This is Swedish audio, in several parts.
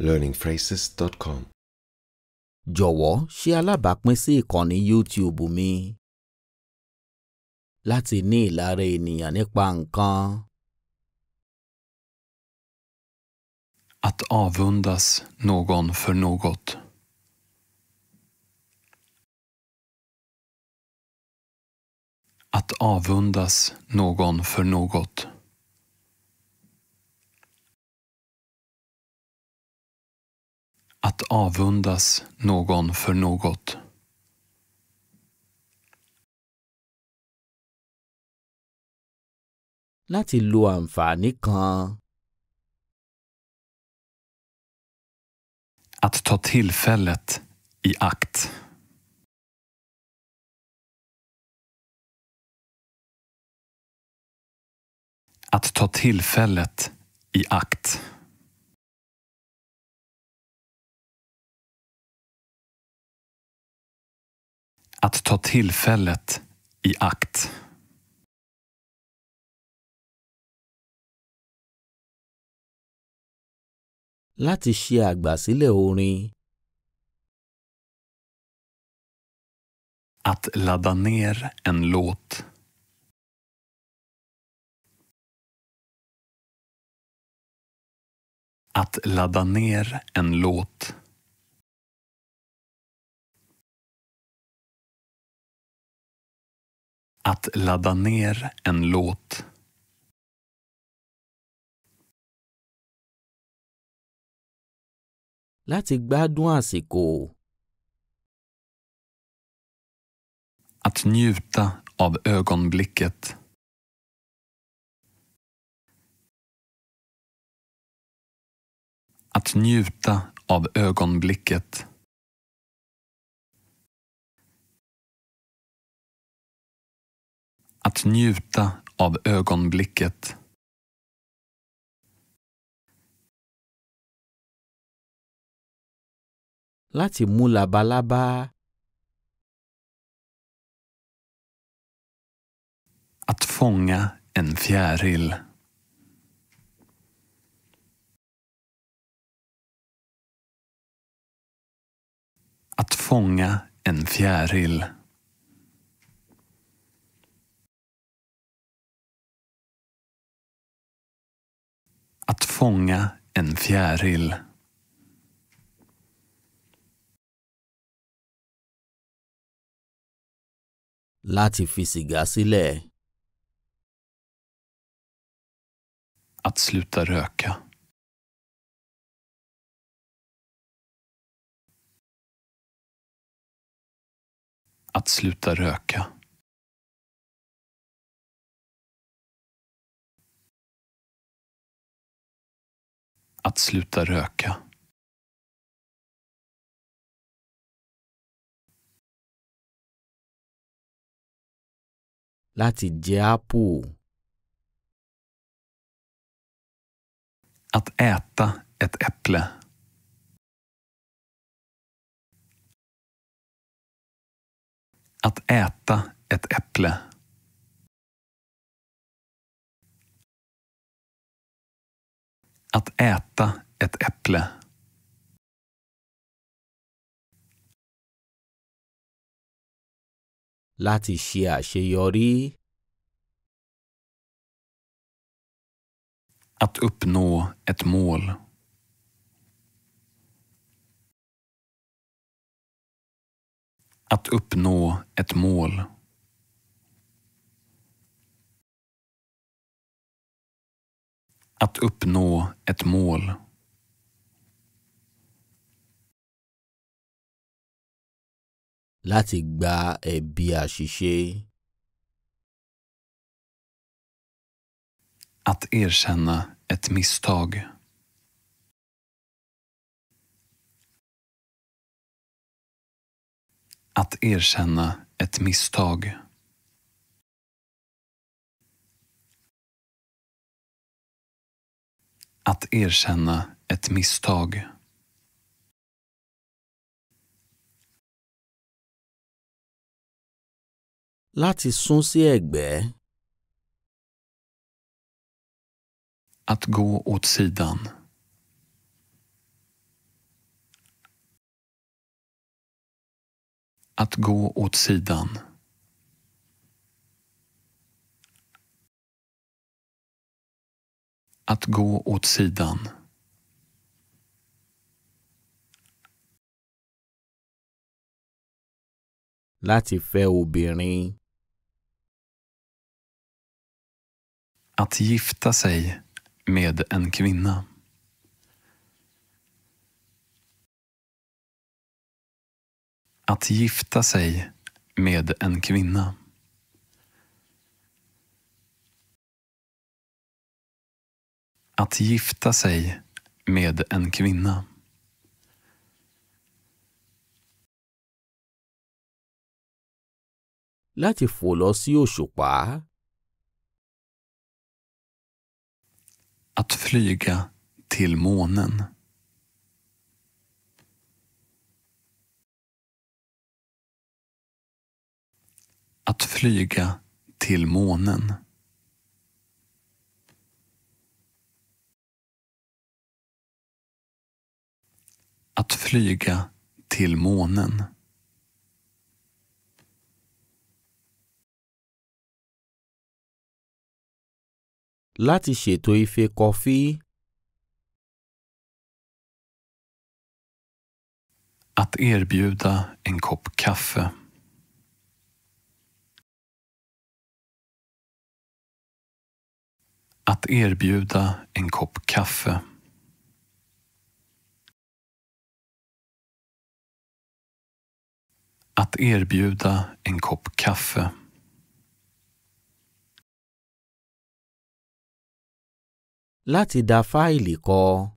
learningphrases.com. jọ̀wọ́ ṣe alábàápín sí ìkànnì YouTube mi láti ní ìlara ènìyàn nípa nǹkan. Att avundas någon för något. Att avundas någon för något. Att avundas någon för något. láti lo àǹfààní kan. Att ta tillfället i akt. Att ta tillfället i akt. Att ta tillfället i akt. láti ṣe àgbàsílẹ̀ orin. Att ladda ner en låt. Att ladda ner en låt. Att ladda ner en låt. Láti gbádùn àsìkò. Att njuta av ögonblicket. Att njuta av ögonblicket. Att njuta av ögonblicket. Láti mú labalábá. Att fånga en fjäril. Att fånga en fjäril. Att fånga en fjäril. Láti fi Att sluta röka. Att sluta röka. att sluta röka. Láti jẹ Att äta ett äpple. Att äta ett äpple. Att äta ett äpple. Láti ṣe àṣeyọrí. Att uppnå ett mål. Att uppnå ett mål. Att uppnå ett mål. Láti gba ẹ̀bi àṣìṣe. Att erkänna ett misstag. Att erkänna ett misstag. Att erkänna ett misstag. Láti sún sí Att gå åt sidan. Att gå åt sidan. att gå åt sidan. Láti Att gifta sig med en kvinna. Att gifta sig med en kvinna. att gifta sig med en kvinna. Láti Att flyga till månen. Att flyga till månen. att flyga till månen. Láti ṣètò ife kọfí. Att erbjuda en kopp kaffe. Att erbjuda en kopp kaffe. Att erbjuda en kopp kaffe. Láti da fáìlì kọ.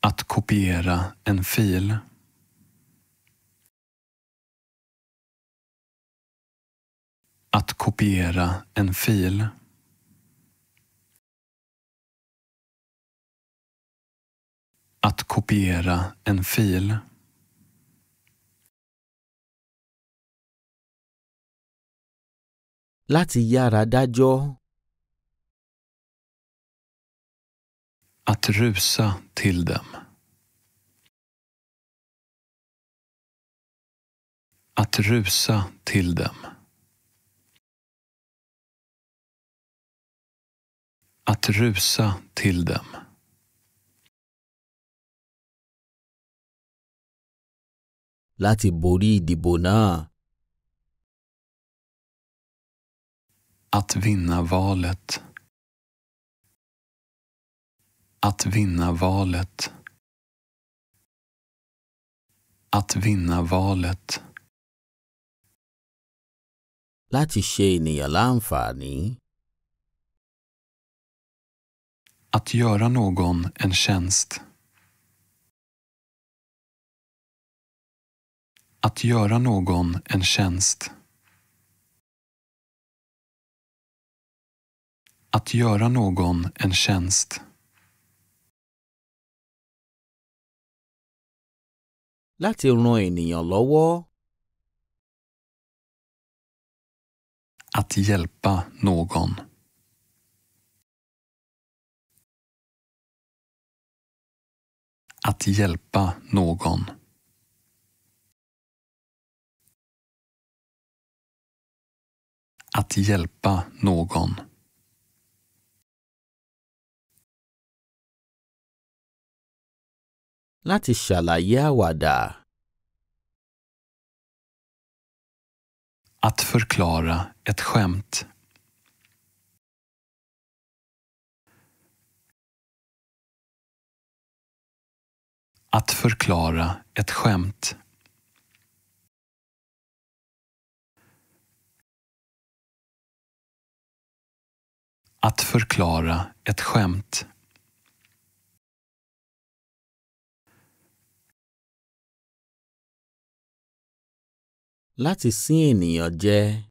Att kopiera en fil. Att kopiera en fil. Att kopiera en fil. Láti yára dájọ́. Att rusa till dem. Att rusa till dem. Att rusa till dem. láti borí ìdìbò náà. Att vinna valet. Att vinna valet. Att vinna valet. Láti ṣe ènìyàn láǹfààní. Att göra någon en tjänst. Att göra någon en tjänst. Att göra någon en tjänst. Láti ran ènìyàn lọ́wọ́. Att hjälpa någon. Att hjälpa någon. Att hjälpa någon. Láti ṣàlàyé àwàdà. Att förklara ett skämt. Att förklara ett skämt. Att förklara ett skämt. Láti sín ènìyàn jẹ.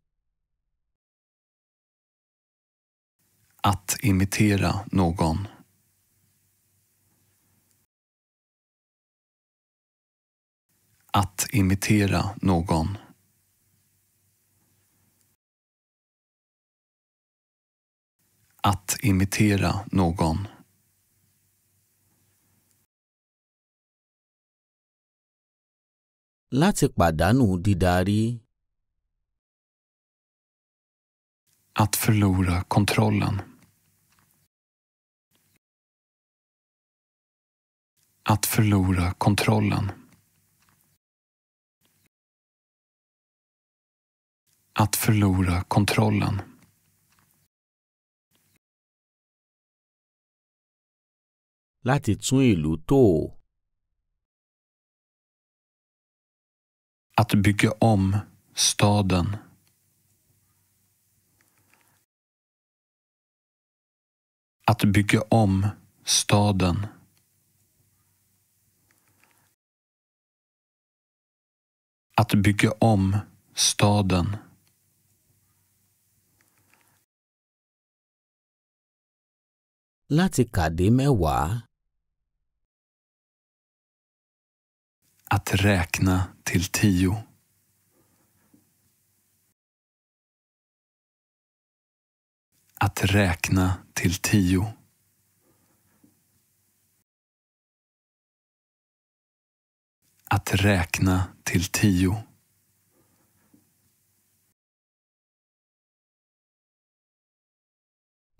Att imitera någon. Att imitera någon. att imitera någon. Láti pàdánù dídarí. Att förlora kontrollen. Att förlora kontrollen. Att förlora kontrollen. láti tún ìlú tò. Att bygga om staden. Att bygga om staden. Att bygga om staden. Láti kàdé mẹ́wàá. att räkna till tio. Att räkna till tio. Att räkna till tio.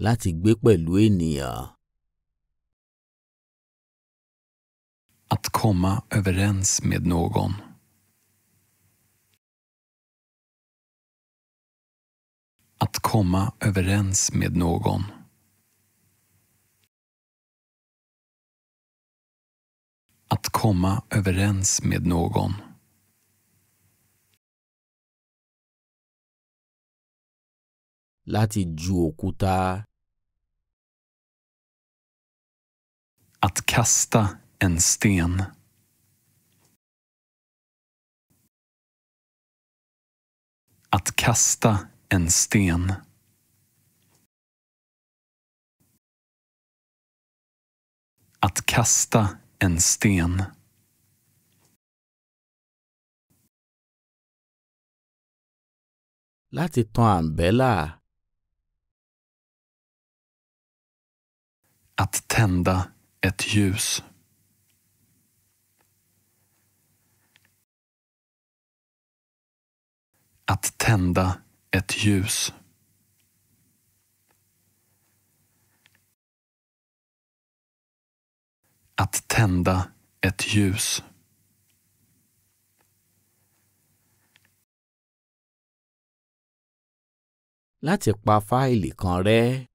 Láti gbé pẹ̀lú ènìyàn. att komma överens med någon. Att komma överens med någon. Att komma överens med någon. láti Att kasta en sten. Att kasta en sten. Att kasta en sten. láti tan àǹbẹ́là. Att tända ett ljus. Att tända ett ljus. Att tända ett ljus. Láti pa fáìlì kan rẹ́.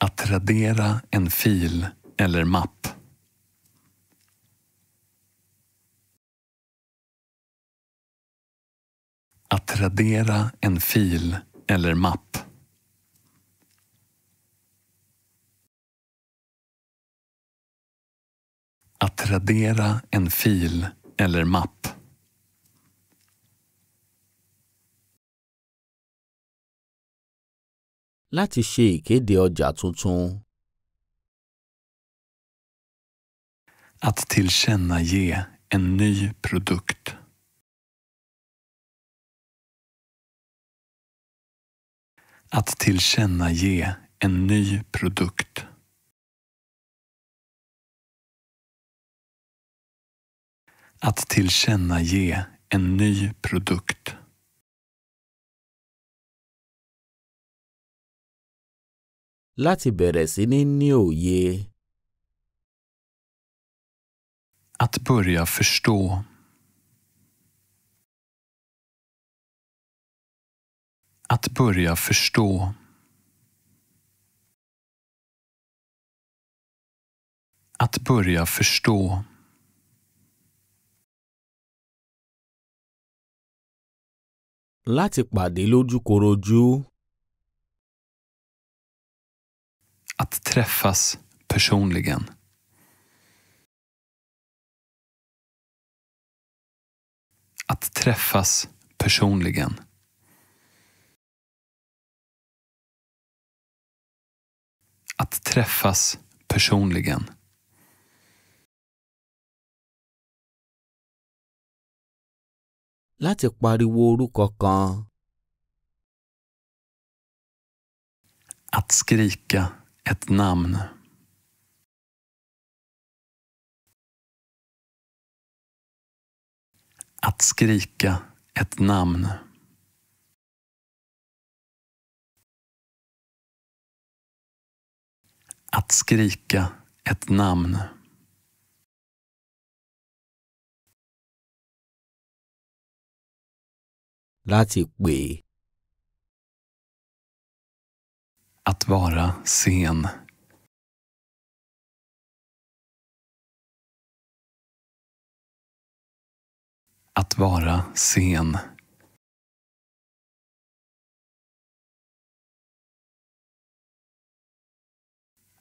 Att radera en fil eller mapp. Att radera en fil eller mapp. Att radera en fil eller mapp. Láti ṣe ìkéde ọjà tuntun. Att tillkännage en ny produkt. Att tillkännage en ny produkt. Att tillkännage en ny produkt. Láti Att börja förstå. Att börja förstå. Att börja förstå. Láti pàdé lójúkorojú. Att träffas personligen. Att träffas personligen. Att träffas personligen. Láti pariwo orúkọ kan. Att skrika ett namn. Att skrika ett namn. Att skrika ett namn. Láti pè. Att vara sen. Att vara sen.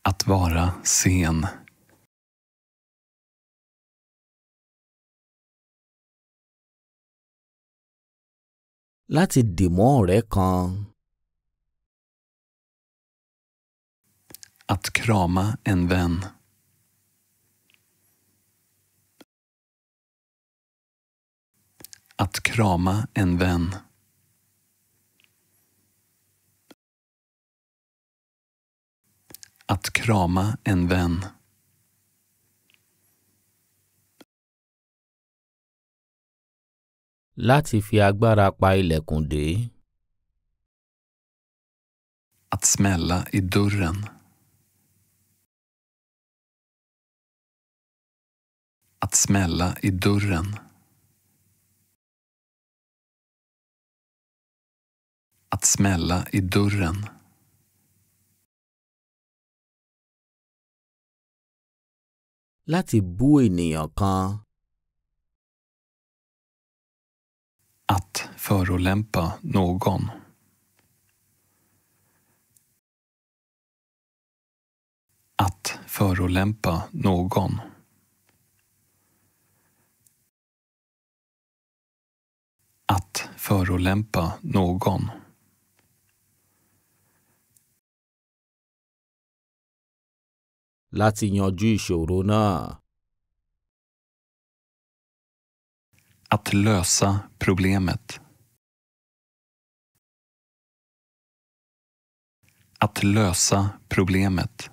att vara sen. láti dìmọ́ ọ̀rẹ́ kan. Att krama en vän. Att krama en vän. Att krama en vän. Láti fi agbára pa ilẹ̀kùn dé. Att smälla i dörren. Att smälla i dörren. Att smälla i dörren. láti bú ènìyàn kan. Att förolämpa någon. Att förolämpa någon. Att förolämpa någon. láti yanjú ìṣòro náà. Att lösa problemet. Att lösa problemet.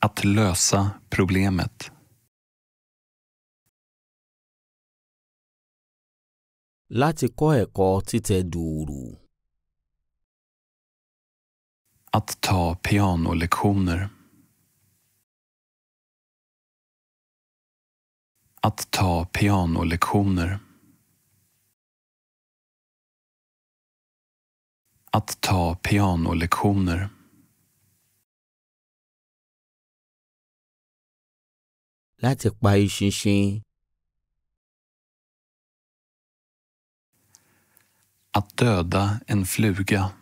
Att lösa problemet. Láti kọ́ ẹ̀kọ́ títẹ att ta pianolektioner. Att ta pianolektioner. Att ta pianolektioner. Láti pa eṣinṣin. Att döda en fluga.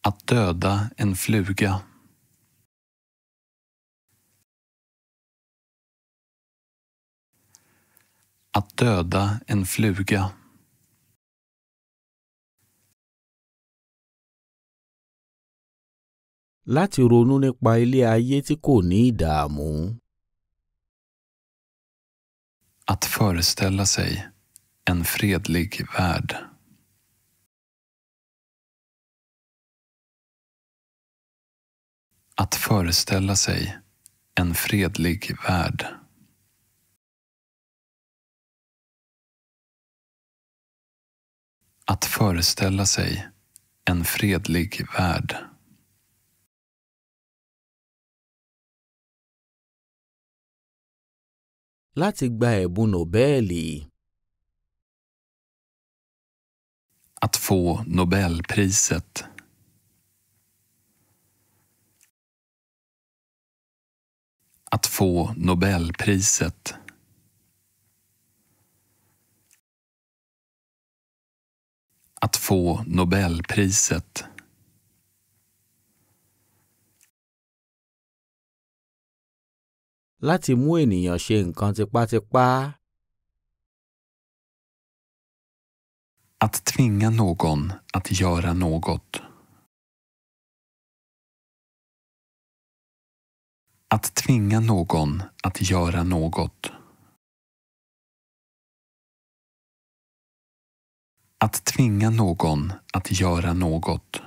Att döda en fluga. Att döda en fluga. Láti ronú nípa ilé ayé tí kò ní ìdààmú. Att föreställa sig en fredlig värld. Att föreställa sig en fredlig värld. Att föreställa sig en fredlig värld. Láti gba ẹ̀bùn Nobẹ́ẹ̀lì. Att få Nobelpriset. att få Nobelpriset. Att få Nobelpriset. Láti mú ènìyàn ṣe nǹkan tipátipá. Att tvinga någon att göra något. Att tvinga någon att göra något. Att tvinga någon att göra något.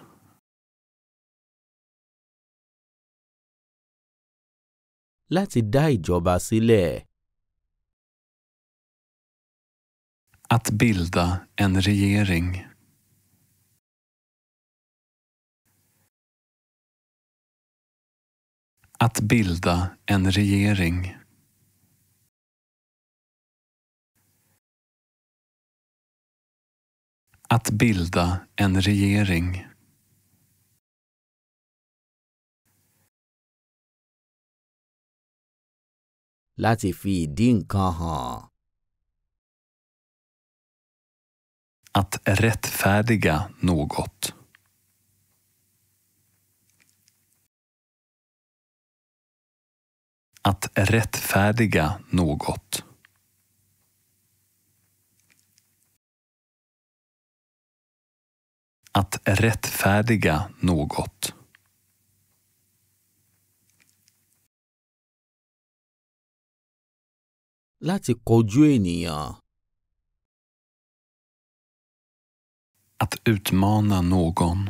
Láti dá ìjọba Att bilda en regering. Att bilda en regering. Att bilda en regering. Láti fi ìdí nǹkan Att rättfärdiga något. Att rättfärdiga något. Att rättfärdiga något. Láti Att utmana någon.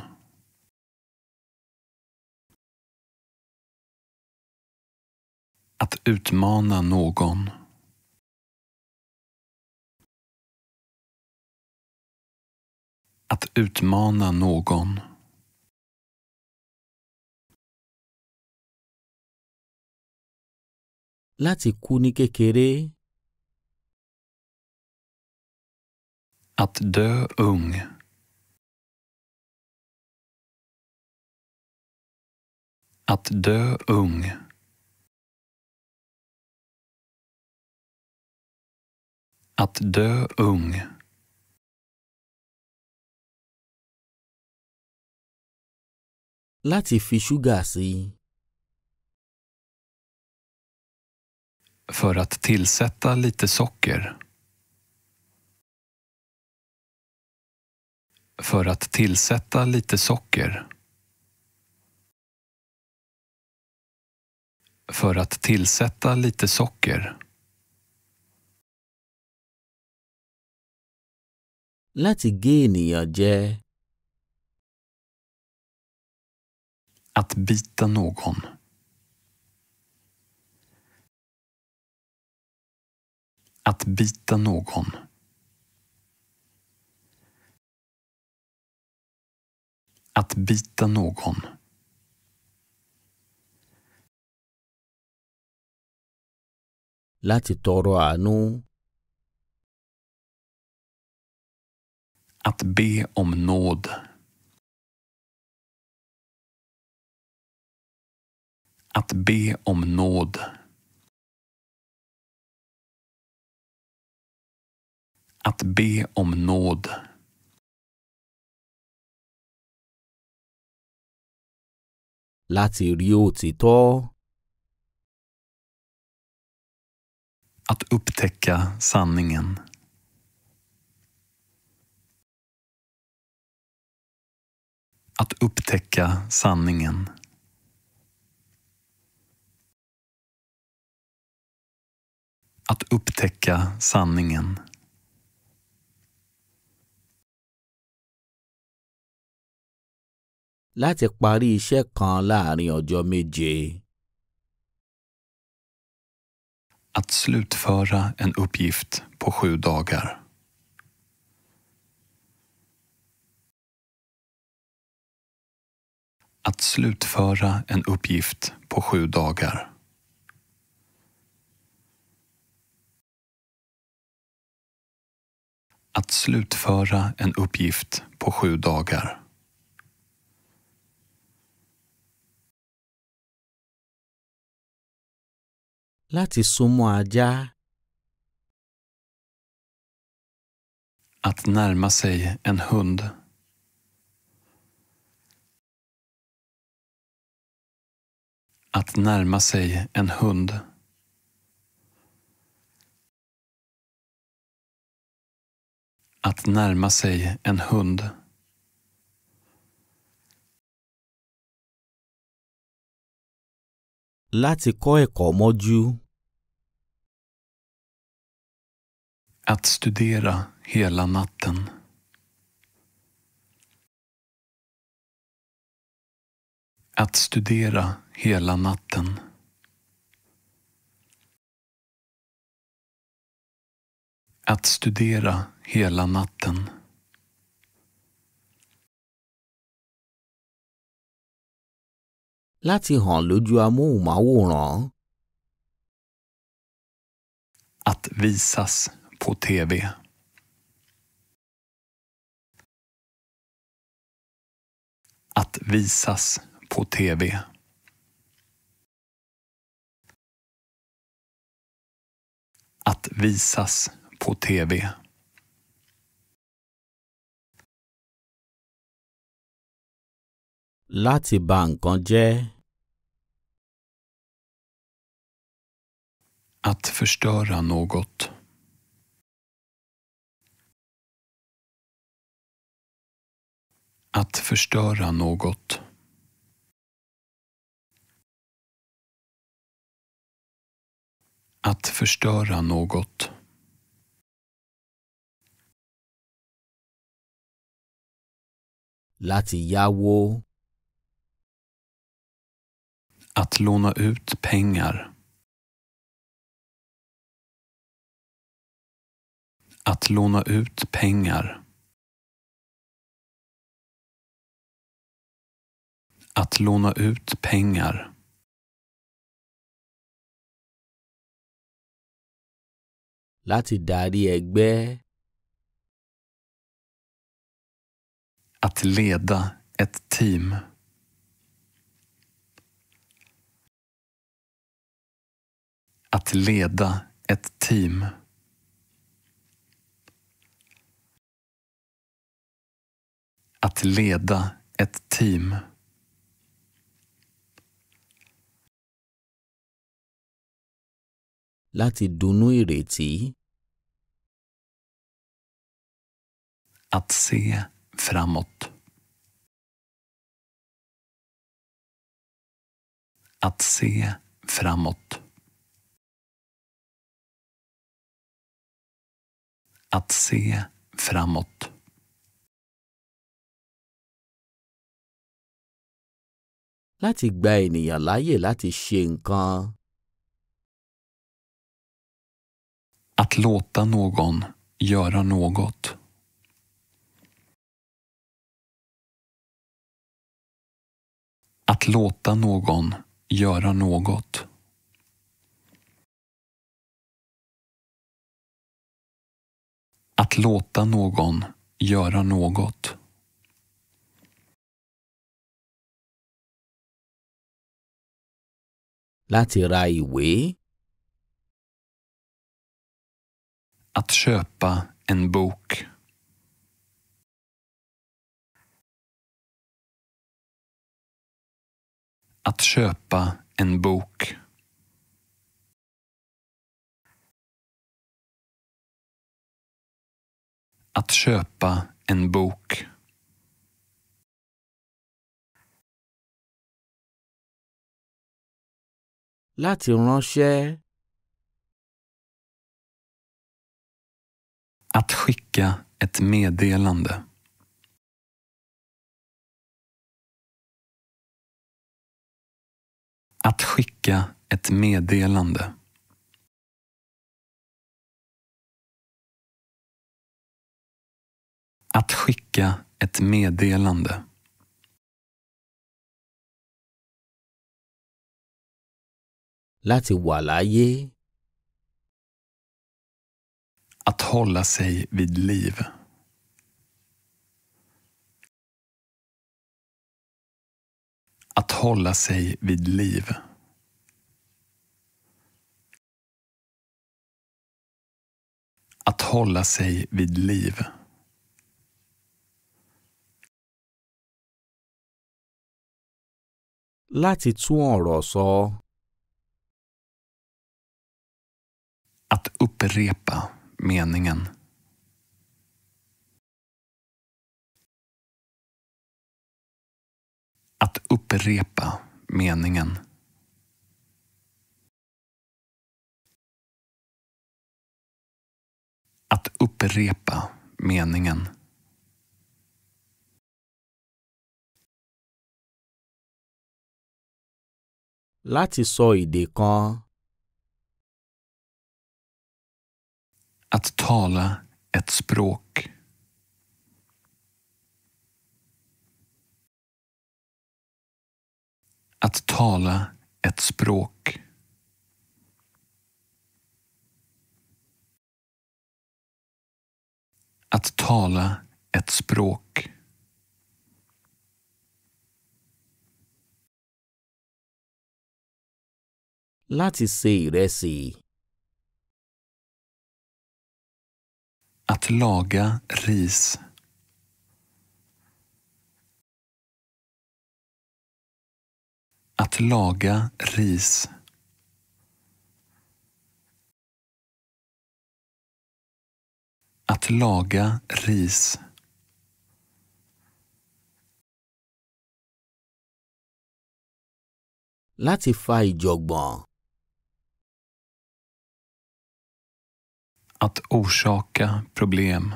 Att utmana någon. Att utmana någon. Láti kú ní kékeré. Att dö ung. Att dö ung. Att dö ung Láti fi ṣúgà sí. För att tillsätta lite socker. För att tillsätta lite socker. För att tillsätta lite socker. láti gé ènìyàn jẹ. Att bita någon. Att bita någon. Att bita någon. Láti tọrọ àánú. Att be om nåd. Att be om nåd. Att be om nåd. Láti rí òtítọ́. Att upptäcka sanningen. att upptäcka sanningen. Att upptäcka sanningen. Láti parí iṣẹ́ kan láàrin ọjọ́ méje. Att slutföra en uppgift på sju dagar. Att slutföra en uppgift på sju dagar. Att slutföra en uppgift på sju dagar. Láti súnmọ́ ajá. Att närma sig en hund. Att närma sig en hund. Att närma sig en hund. Láti Att studera hela natten. Att studera hela natten. Att studera hela natten. Láti hàn lójú amóhùnmáwòrán. Att visas på TV. Att visas på TV. att visas på tv. Láti ba Att förstöra något. Att förstöra något. Att förstöra något. Láti yáwó. Att låna ut pengar. Att låna ut pengar. Att låna ut pengar. láti darí ẹgbẹ́. Att leda ett team. Att leda ett team. Att leda ett team. láti dunnú ìrètí. Att se framåt. Att se framåt. Att se framåt. Låt Láti gba ènìyàn láàyè láti ṣe nǹkan. Att låta någon göra något. Att låta någon göra något. Att låta någon göra något. Láti ra ìwé Att köpa en bok. Att köpa en bok. Att köpa en bok. láti ránṣẹ́. Att skicka ett meddelande. Att skicka ett meddelande. Att skicka ett meddelande. Láti wà láyé. Att hålla sig vid liv. Att hålla sig vid liv. Att hålla sig vid liv. Láti tún Att upprepa meningen. Att upprepa meningen. Att upprepa meningen. Láti sọ èdè kan Att tala ett språk. Att tala ett språk. Att tala ett språk. Láti se ìrẹsì. Att laga ris. Att laga ris. Att laga ris. Láti fa Att orsaka problem.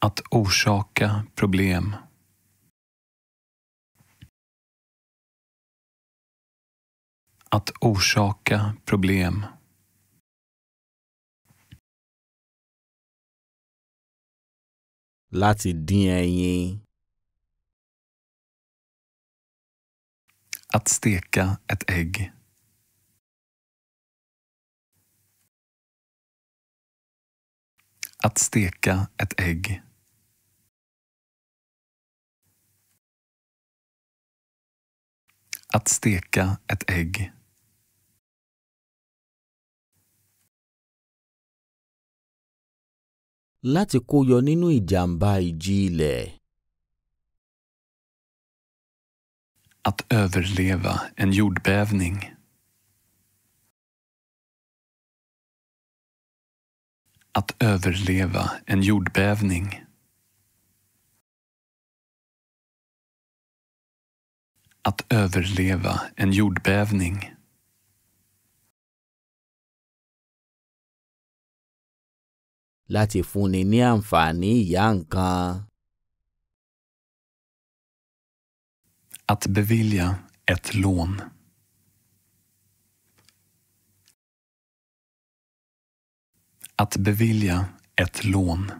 Att orsaka problem. Att orsaka problem. Láti Att steka ett ägg. Att steka ett ägg. Att steka ett ägg. Láti kó yọ nínú ìjàmbá ìjì ilẹ̀. Att överleva en jordbävning. att överleva en jordbävning. Att överleva en jordbävning. Láti fúnni ní àǹfààní ìyá Att bevilja ett lån. Att bevilja ett lån.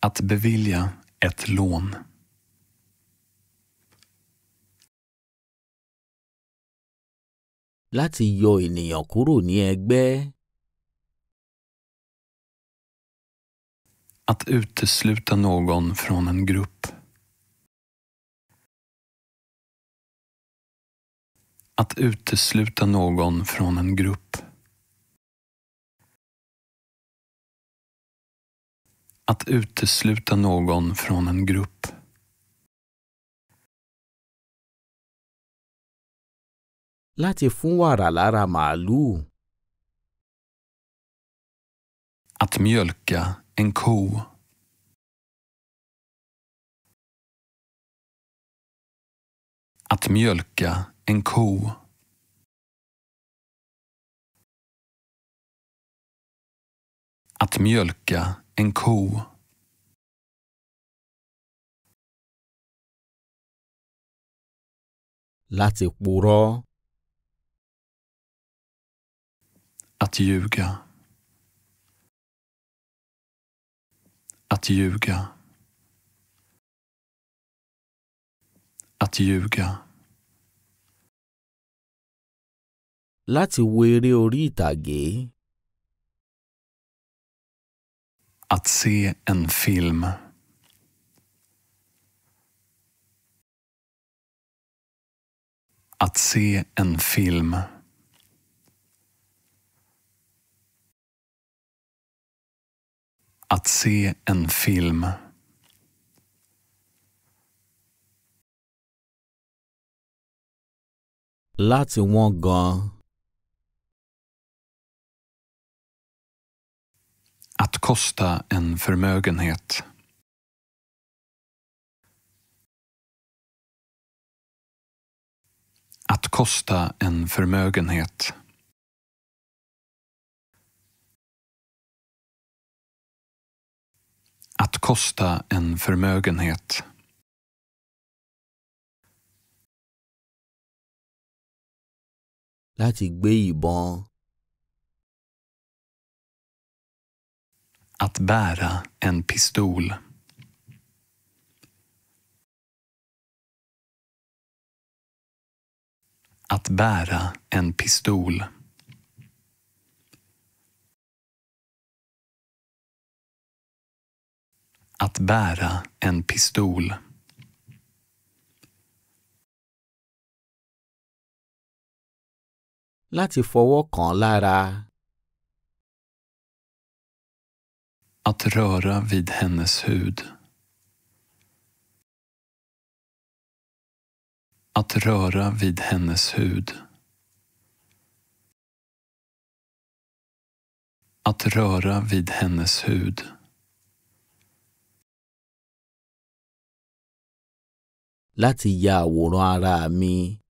Att bevilja ett lån. Láti yọ ènìyàn kúrò ní ẹgbẹ́. Att utesluta någon från en grupp. Att utesluta någon från en grupp. Att utesluta någon från en grupp. Láti fún wàrà lára Att mjölka en ko. Att mjölka en ko. Att mjölka en ko. Láti purọ́. Att ljuga. Att ljuga. Att ljuga. láti wo eré orí ìtàgé. Att se en film. Att se en film. Att se en film. Láti wọ́n gan Att kosta en förmögenhet. Att kosta en förmögenhet. Att kosta en förmögenhet. Láti gbé ìbọn. att bära en pistol. Att bära en pistol. Att bära en pistol. Láti fọwọ́ kan lára. att röra vid hennes hud. Att röra vid hennes hud. Att röra vid hennes hud. Láti ya àwòrán ara mi.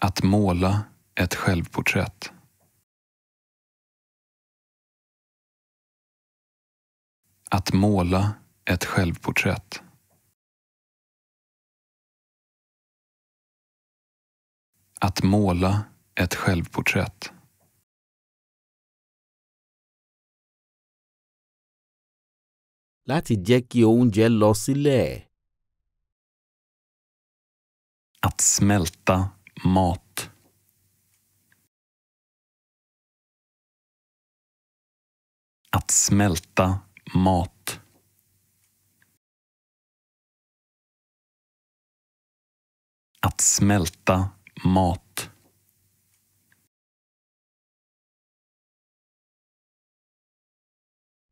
Att måla ett självporträtt. Att måla ett självporträtt. Att måla ett självporträtt. Láti jẹ́ kí oúnjẹ Att smälta mat. Att smälta mat. Att smälta mat.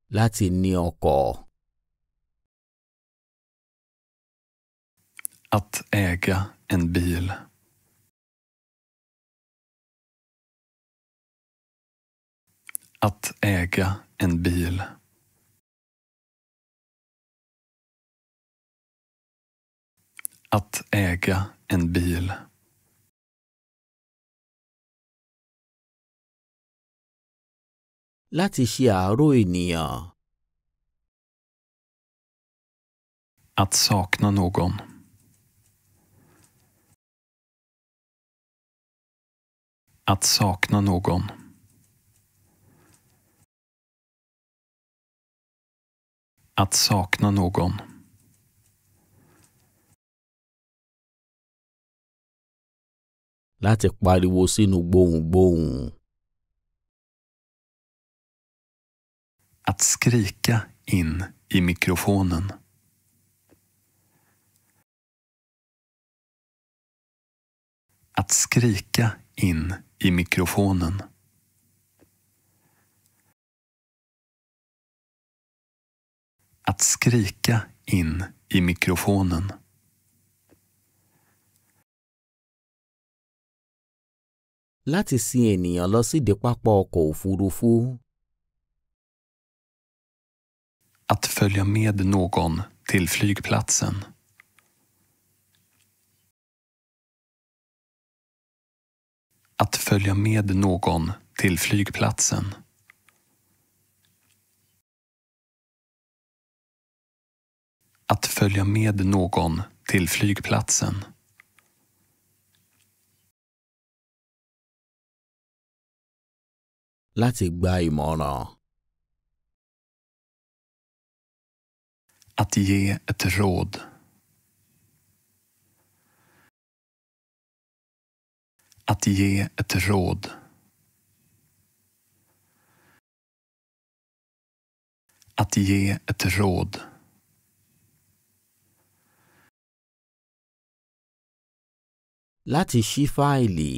Lätsinioko. Att äga en bil. Att äga en bil. Att äga en bil. Láti ṣe àárò ènìyàn. Att sakna någon. Att sakna någon. Att sakna någon. láti pariwo sínú gbohùngbohùn. Att skrika in i mikrofonen. Att skrika in i mikrofonen. Att skrika in i mikrofonen. láti sin ènìyàn lọ sídìí pápá ọkọ̀ òfurufú. Att följa med någon till flygplatsen. Att följa med någon till flygplatsen. Att följa med någon till flygplatsen. láti gba ìmọ̀ràn. Att ge ett råd. Att ge ett råd. Att ge ett råd. Låt ṣí fáìlì.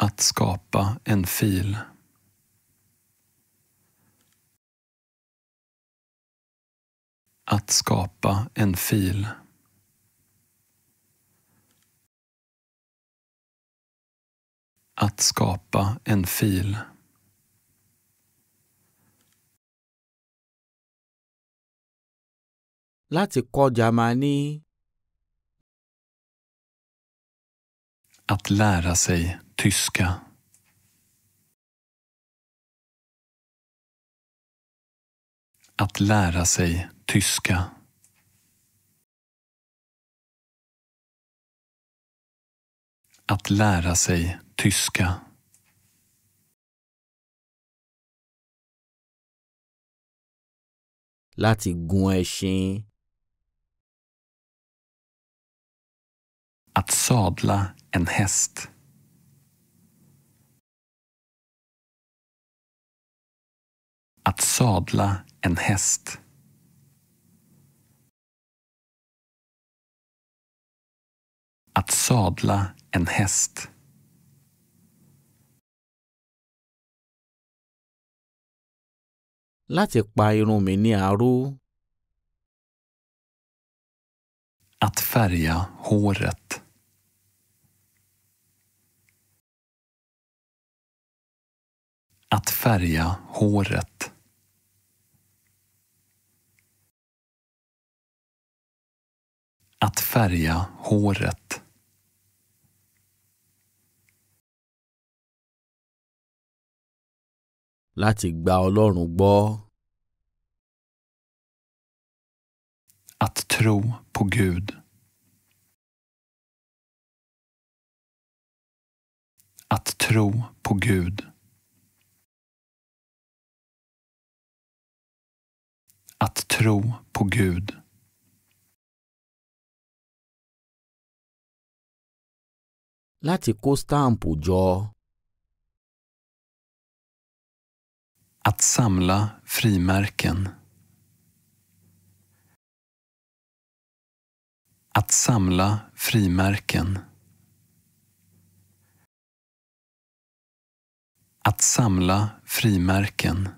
Att skapa en fil. Att skapa en fil. Att skapa en fil. Láti kọjá Att lära sig tyska. Att lära sig tyska. Att lära sig tyska. Láti Att sadla en häst. Att sadla en häst. Att sadla en häst. Láti pa irun mi ní aró. Att färga håret. Att färga håret. Att färga håret. Láti gba Ọlọ́run gbọ́. Att tro på Gud. Att tro på Gud. Att tro på Gud. láti kó stampu jọ. Att samla frimärken. Att samla frimärken. Att samla frimärken.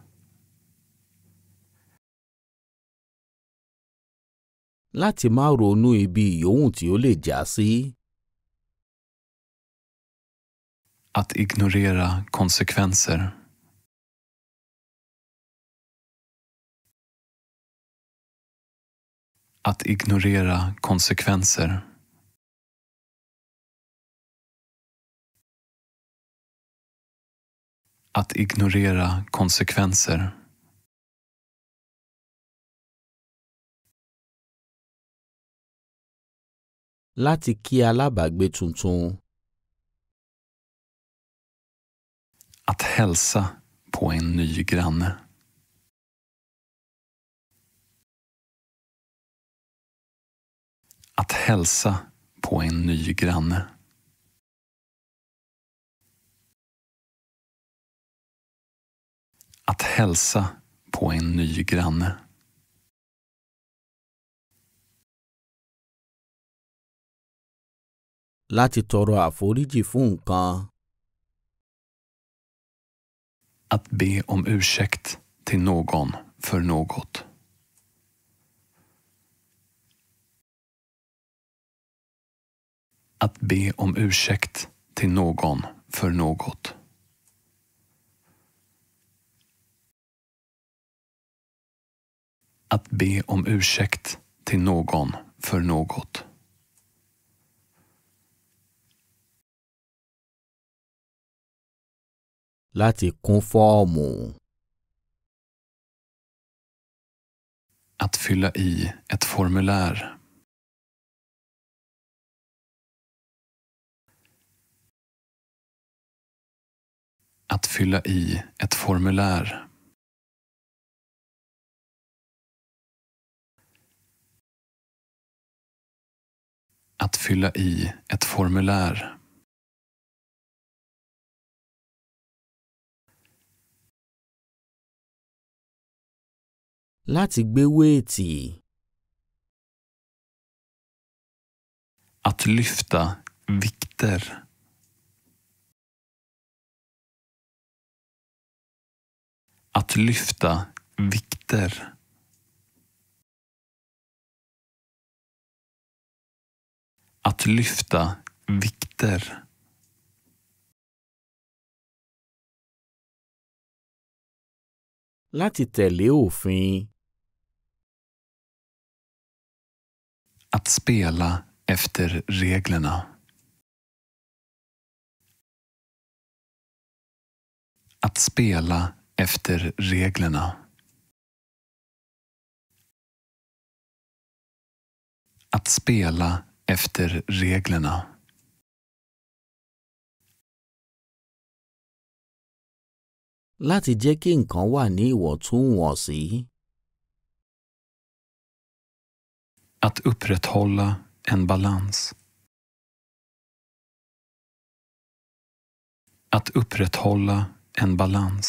Láti má ibi yòówù tí ó lè já Att ignorera konsekvenser. Att ignorera konsekvenser. Att ignorera konsekvenser. Láti kí alábàágbé tuntun. Att hälsa på en ny granne. Att hälsa på en ny granne. Att hälsa på en ny granne. láti tọrọ àforíjì fún nǹkan att be om ursäkt till någon för något. Att be om ursäkt till någon för något. Att be om ursäkt till någon för något. láti kún fọ́ọ̀mù. Att fylla i ett formulär. Att fylla i ett formulär. Att fylla i ett formulär. Láti gbé wéètì. Att lyfta vikter. Att lyfta vikter. Att lyfta vikter. láti tẹ̀lé òfin. Att spela efter reglerna. Att spela efter reglerna. Att spela efter reglerna. láti jẹ́ kí nǹkan wà ní ìwọ̀ntúnwọ̀nsí. Att upprätthålla en balans. Att upprätthålla en balans.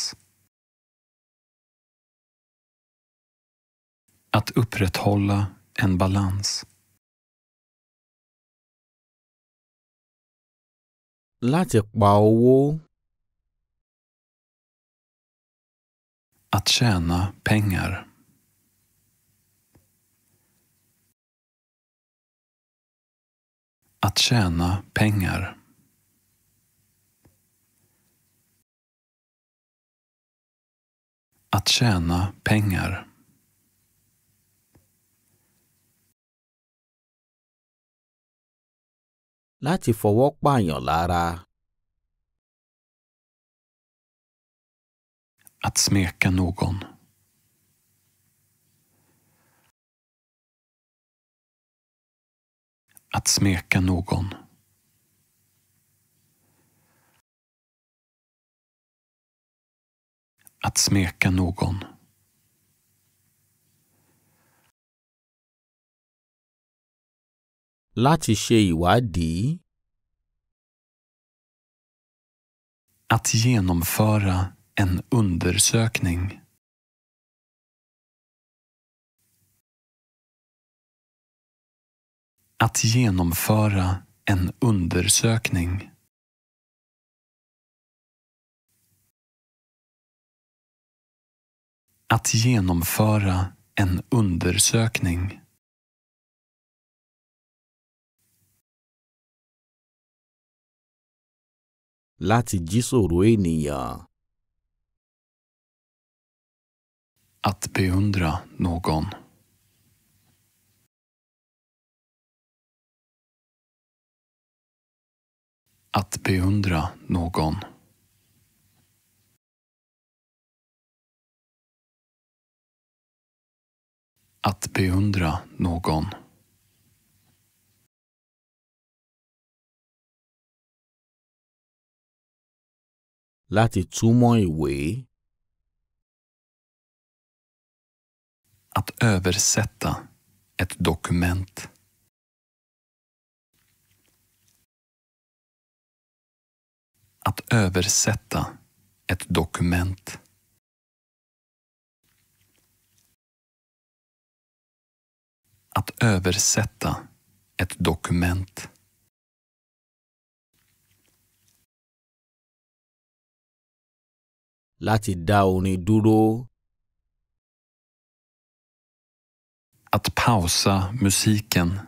Att upprätthålla en balans. Láti pa Att tjäna pengar. Att tjäna pengar. Att tjäna pengar. láti fọwọ́ pààyàn Att smeka någon. Att smeka någon. Att smeka någon. Láti ṣe ìwádìí. Att genomföra en undersökning. Att genomföra en undersökning. Att genomföra en undersökning. Láti jí sòrò Att beundra någon. Att beundra någon. Att beundra någon. Láti túmọ̀ ìwé. att översätta ett dokument. Att översätta ett dokument. Att översätta ett dokument. Láti dá orin dúró att pausa musiken.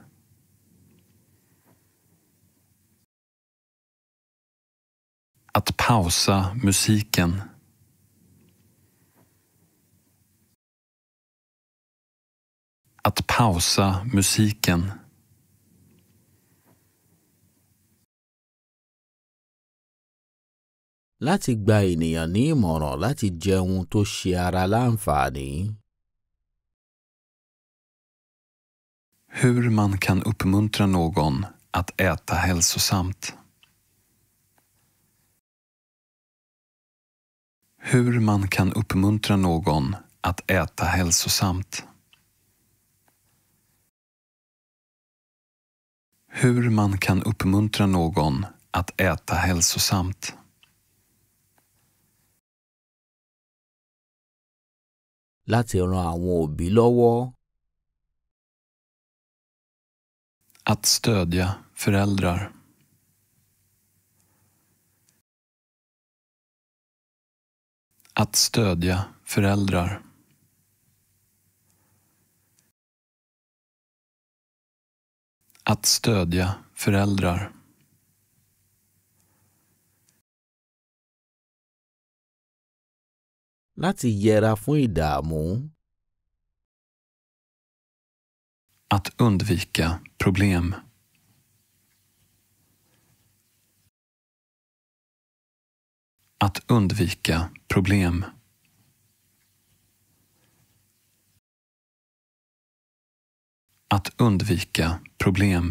Att pausa musiken. Att pausa musiken. Láti gba ènìyàn ní ìmọ̀ràn láti jẹun tó ṣe ara láǹfààní. Hur man kan uppmuntra någon att äta hälsosamt. Hur man kan uppmuntra någon att äta hälsosamt. Hur man kan uppmuntra någon att äta hälsosamt. Láti ran àwọn òbí lọ́wọ́ Att stödja föräldrar. Att stödja föräldrar. Att stödja föräldrar. Láti yẹra fún ìdààmú. Att undvika problem. Att undvika problem. Att undvika problem.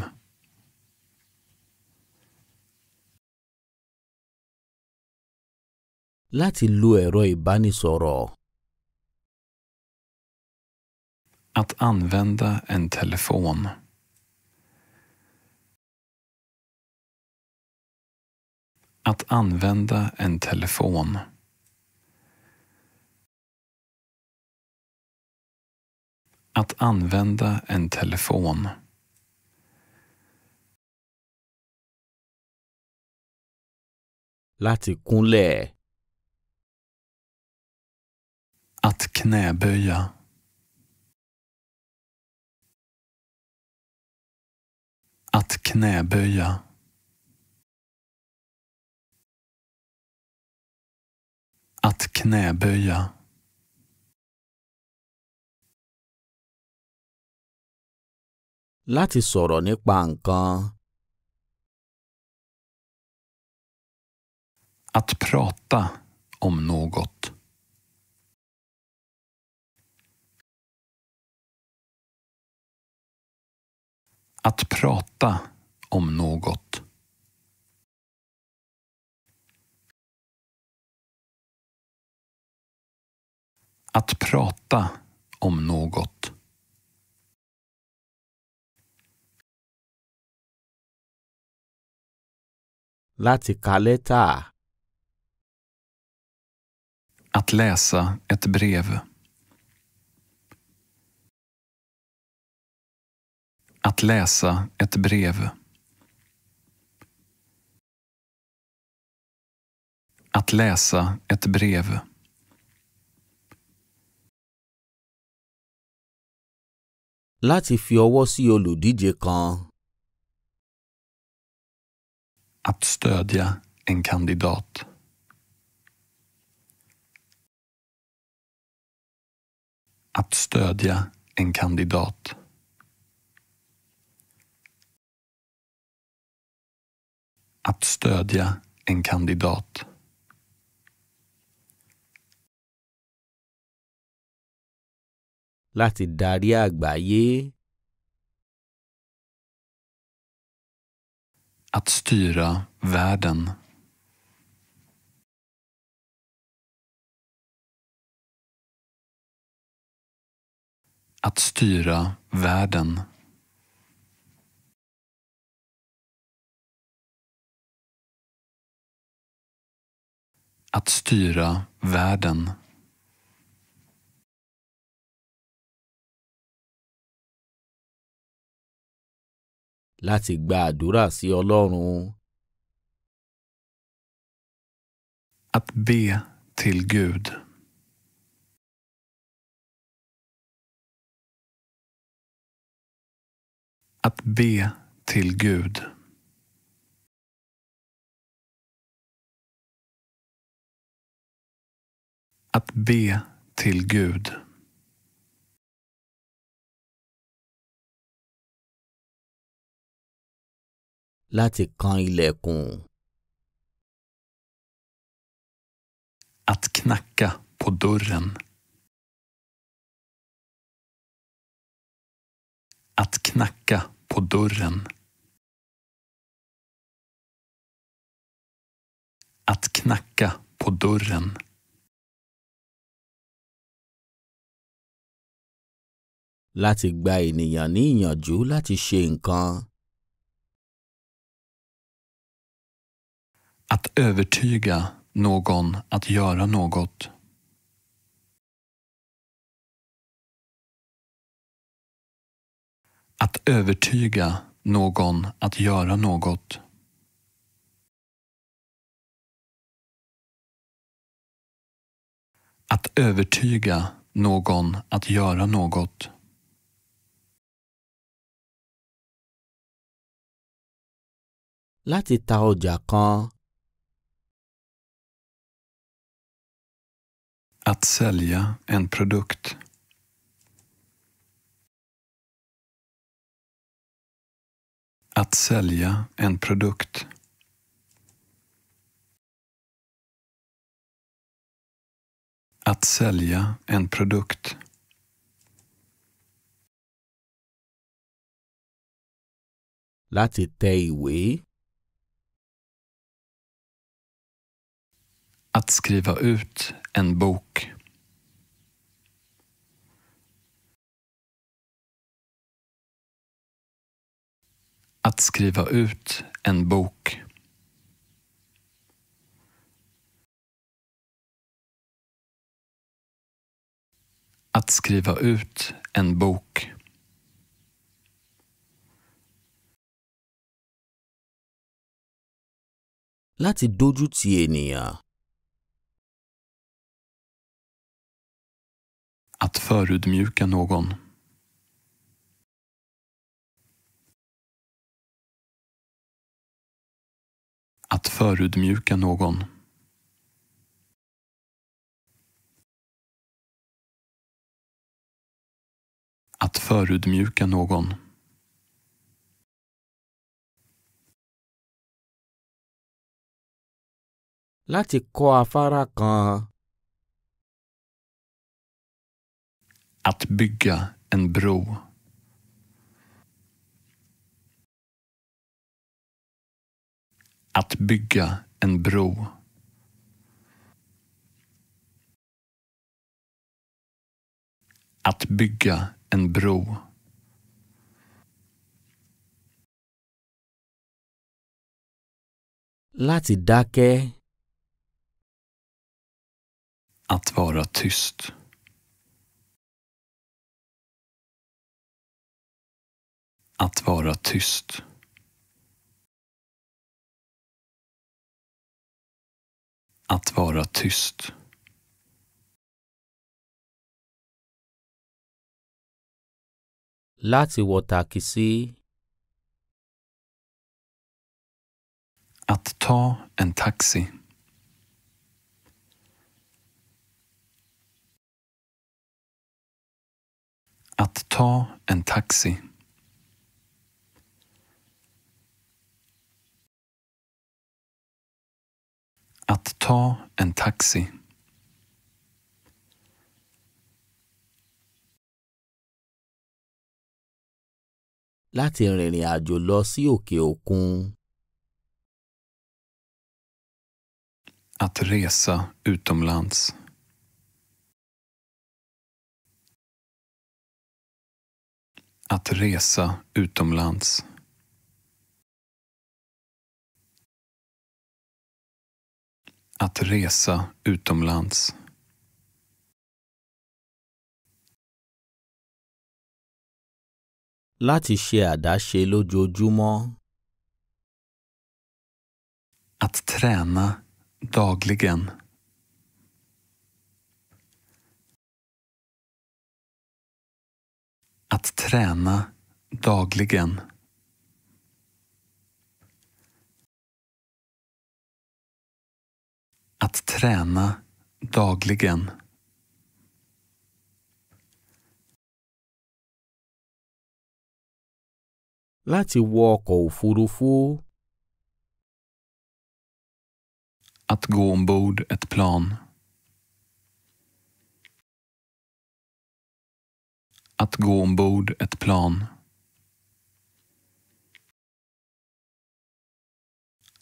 láti lo ẹ̀rọ ìbánisọ̀rọ̀. Att använda en telefon. Att använda en telefon. Att använda en telefon. Láti kúnlẹ̀. Att knäböja. Att knäböja. Att knäböja. Láti sọ̀rọ̀ nípa nǹkan. Att prata om något. Att prata om något. Att prata om något. Láti ka Att läsa ett brev. Att läsa ett brev. Att läsa ett brev. Láti fi ọwọ́ sí olùdíje kan. Att stödja en kandidat. Att stödja en kandidat. Att stödja en kandidat. Láti darí àgbáyé. Att styra världen. Att styra världen. att styra världen. Láti gba àdúrà sí Ọlọ́run. Att be till Gud. Att be till Gud. Att be till Gud. Láti kan ilẹ̀kùn. Att knacka på dörren. Att knacka på dörren. Att knacka på dörren. láti gba ènìyàn ní ìyànjú láti ṣe nǹkan. Att övertyga någon att göra något. Att övertyga någon att göra något. Att övertyga någon att göra något. láti ta ọjà kan. Att sälja en produkt. Att sälja en produkt. Att sälja en produkt. Láti tẹ ìwé. Att skriva ut en bok. Att skriva ut en bok. Att skriva ut en bok. Láti dojú ti ènìyàn. Att förödmjuka någon. Att förödmjuka någon. Att förödmjuka någon. láti kọ́ afárá kan Att bygga en bro. Att bygga en bro. Att bygga en bro. Láti dákẹ́. Att vara tyst. att vara tyst. Att vara tyst. Láti wọ Att ta en taxi. Att ta en taxi. Att ta en taxi. Láti rìnrìn àjò lọ sí òkè òkun. Att resa utomlands. Att resa utomlands. Att resa utomlands. Láti ṣe àdáṣe lójoojúmọ́. Att träna dagligen. Att träna dagligen. Att träna dagligen. Láti wọ ọkọ̀ òfurufú. Att gå ombord ett plan. Att gå ombord ett plan.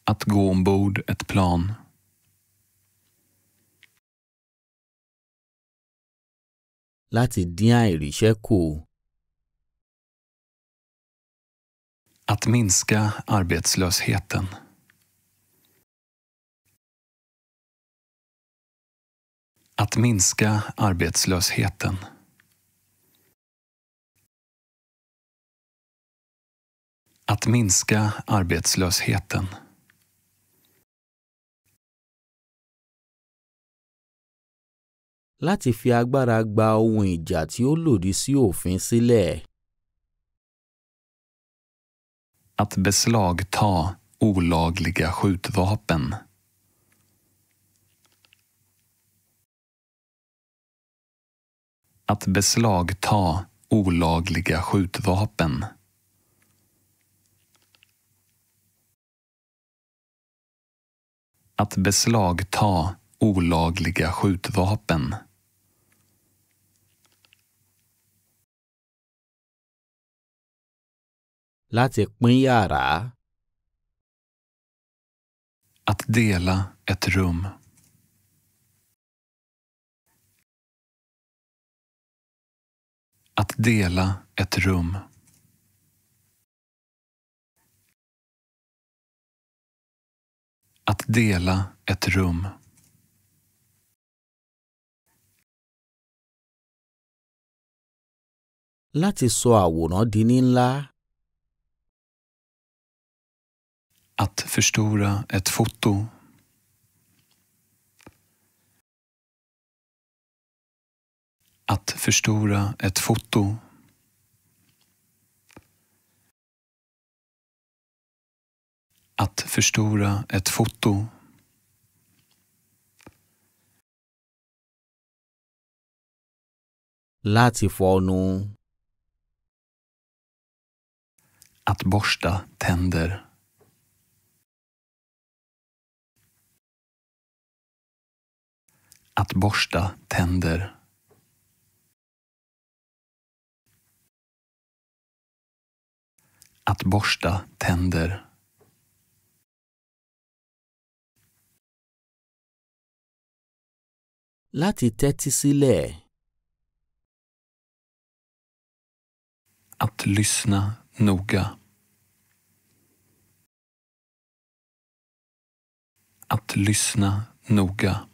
Att gå ombord ett plan. láti dín àìríṣẹ́ kù. Att minska arbetslösheten. Att minska arbetslösheten. Att minska arbetslösheten. láti fi agbára gba ohun ìjà tí ó lòdì sí òfin sílẹ̀. Att beslagta olagliga skjutvapen. Att beslagta olagliga skjutvapen. Att beslagta olagliga skjutvapen. láti pín yàrá. Att dela ett rum. Att dela ett rum. Att dela ett rum. Láti sọ àwòrán di Att förstora ett foto Att förstora ett foto Att förstora ett foto Láti fọnu. Att borsta tänder. Att borsta tänder. Att borsta tänder. Láti tẹ́tí Att lyssna noga. Att lyssna noga.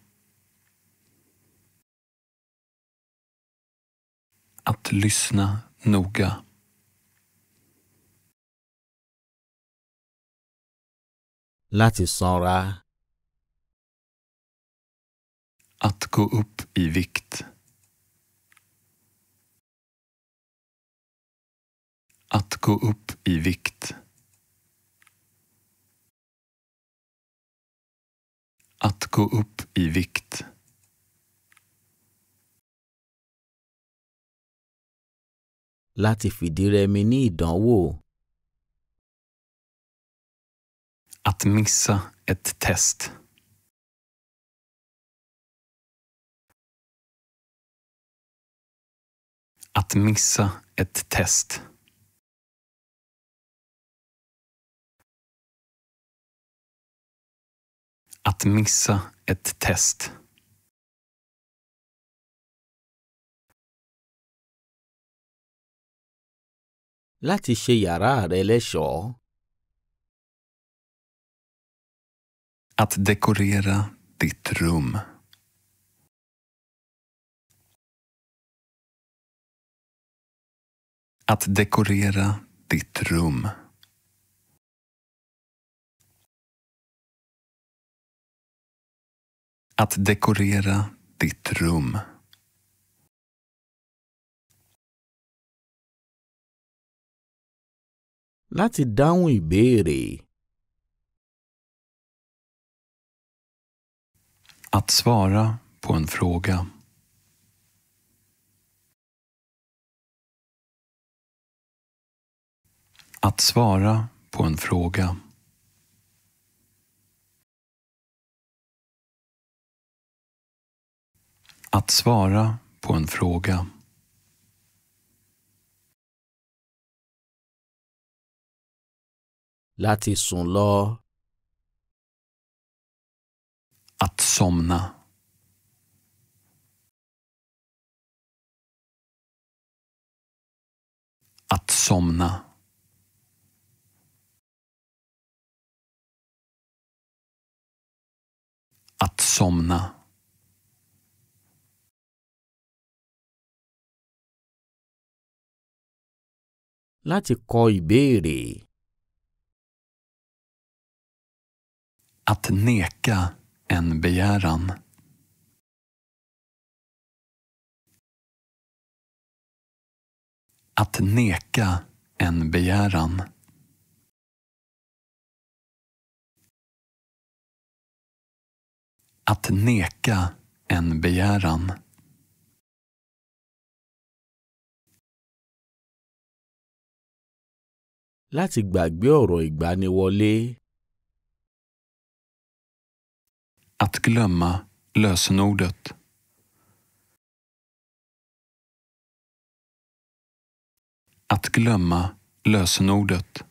att lyssna noga. Láti sanra. Att gå upp i vikt. Att gå upp i vikt. Att gå upp i vikt. láti fìdírẹmi ní ìdánwò. Att missa ett test. Att missa ett test. Att missa ett test. láti ṣe yàrá rẹ lẹ́ṣọ̀ọ́. Att dekorera ditt rum. Att dekorera ditt rum. Att dekorera ditt rum. láti dáhùn ìbéèrè. Att svara på en fråga. Att svara på en fråga. Att svara på en fråga. láti sùn lọ. Att somna. Att somna. Att somna. Láti kọ ìbéèrè. Att neka en begäran. Att neka en begäran. Att neka en begäran. Láti gbàgbé ọ̀rọ̀ ìgbaniwọlé. Att glömma lösenordet. Att glömma lösenordet.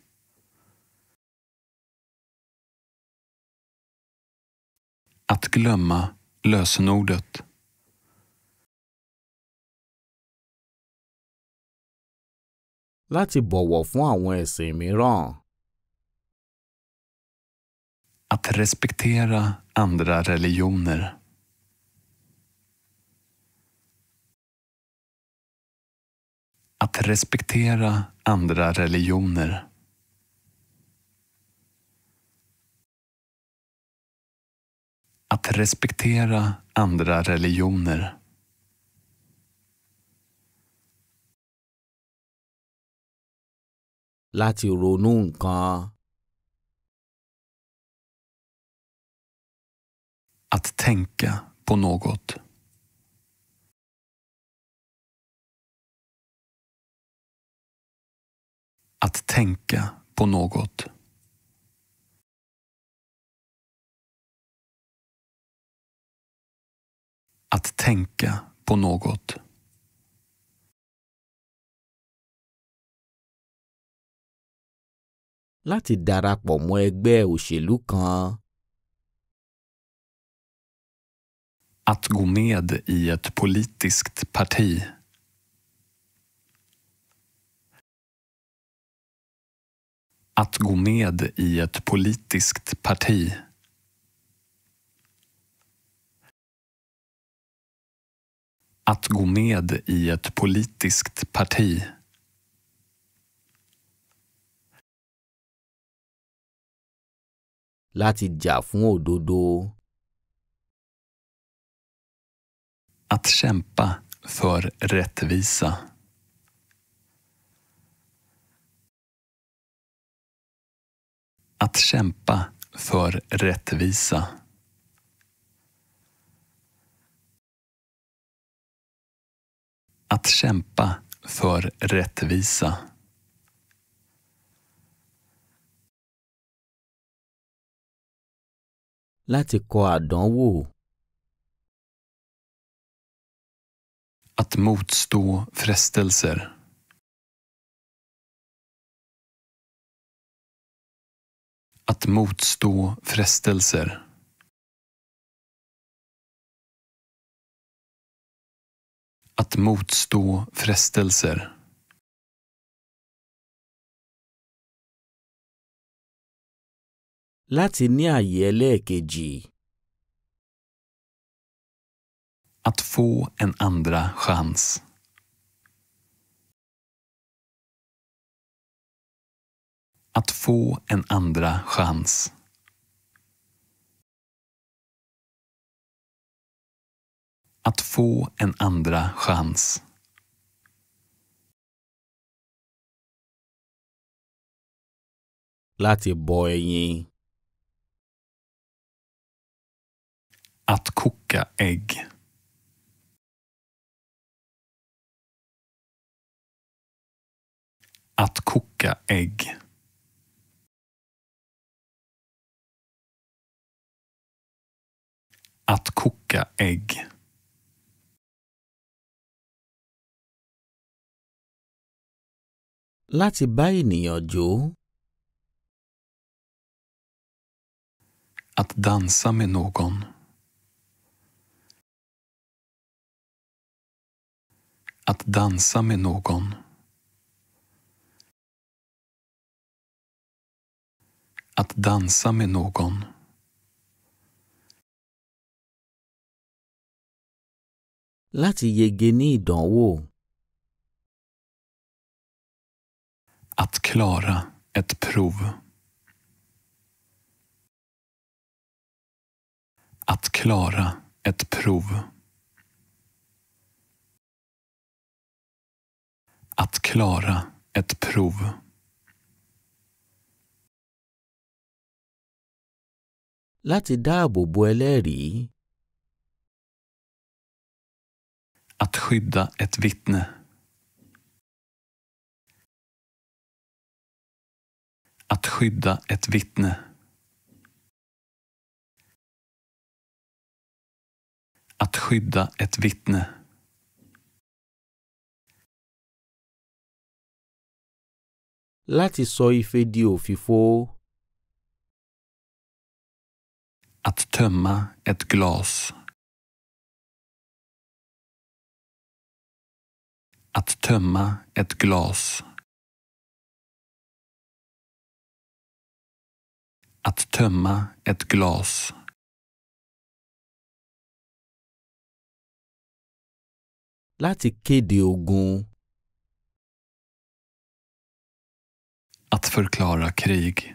Att glömma lösenordet. Láti bọ̀wọ̀ fún àwọn ẹ̀sìn mìíràn. Att respektera andra religioner. Att respektera andra religioner. Att respektera andra religioner. láti ronú nǹkan Att tänka på något. Att tänka på något. Att tänka på något. láti darapọ̀ mọ́ ẹgbẹ́ òṣèlú kan. att gå med i ett politiskt parti. Att gå med i ett politiskt parti. Att gå med i ett politiskt parti. Láti jà fún òdodo. Att kämpa för rättvisa. Att kämpa för rättvisa. Att kämpa för rättvisa. Láti kọ àdánwò. Att motstå frestelser Att motstå frestelser Att motstå frestelser Láti ní àyè ẹlẹ́ẹ̀kejì. Att få en andra chans. Att få en andra chans. Att få en andra chans. Láti bọ Att koka ägg. Att koka ägg. Att koka ägg. Láti bá ènìyàn jó. Att dansa med någon. Att dansa med någon. Att dansa med någon. Láti yege ní ìdánwò. Att klara ett prov. Att klara ett prov. Att klara ett prov. láti dáàbò bo ẹlẹ́rìí. Att skydda ett vittne. Att skydda ett vittne. Att skydda ett vittne. Láti sọ ife di òfìfo. Att tömma ett glas. Att tömma ett glas. Att tömma ett glas. Láti kéde ogun. Att förklara krig.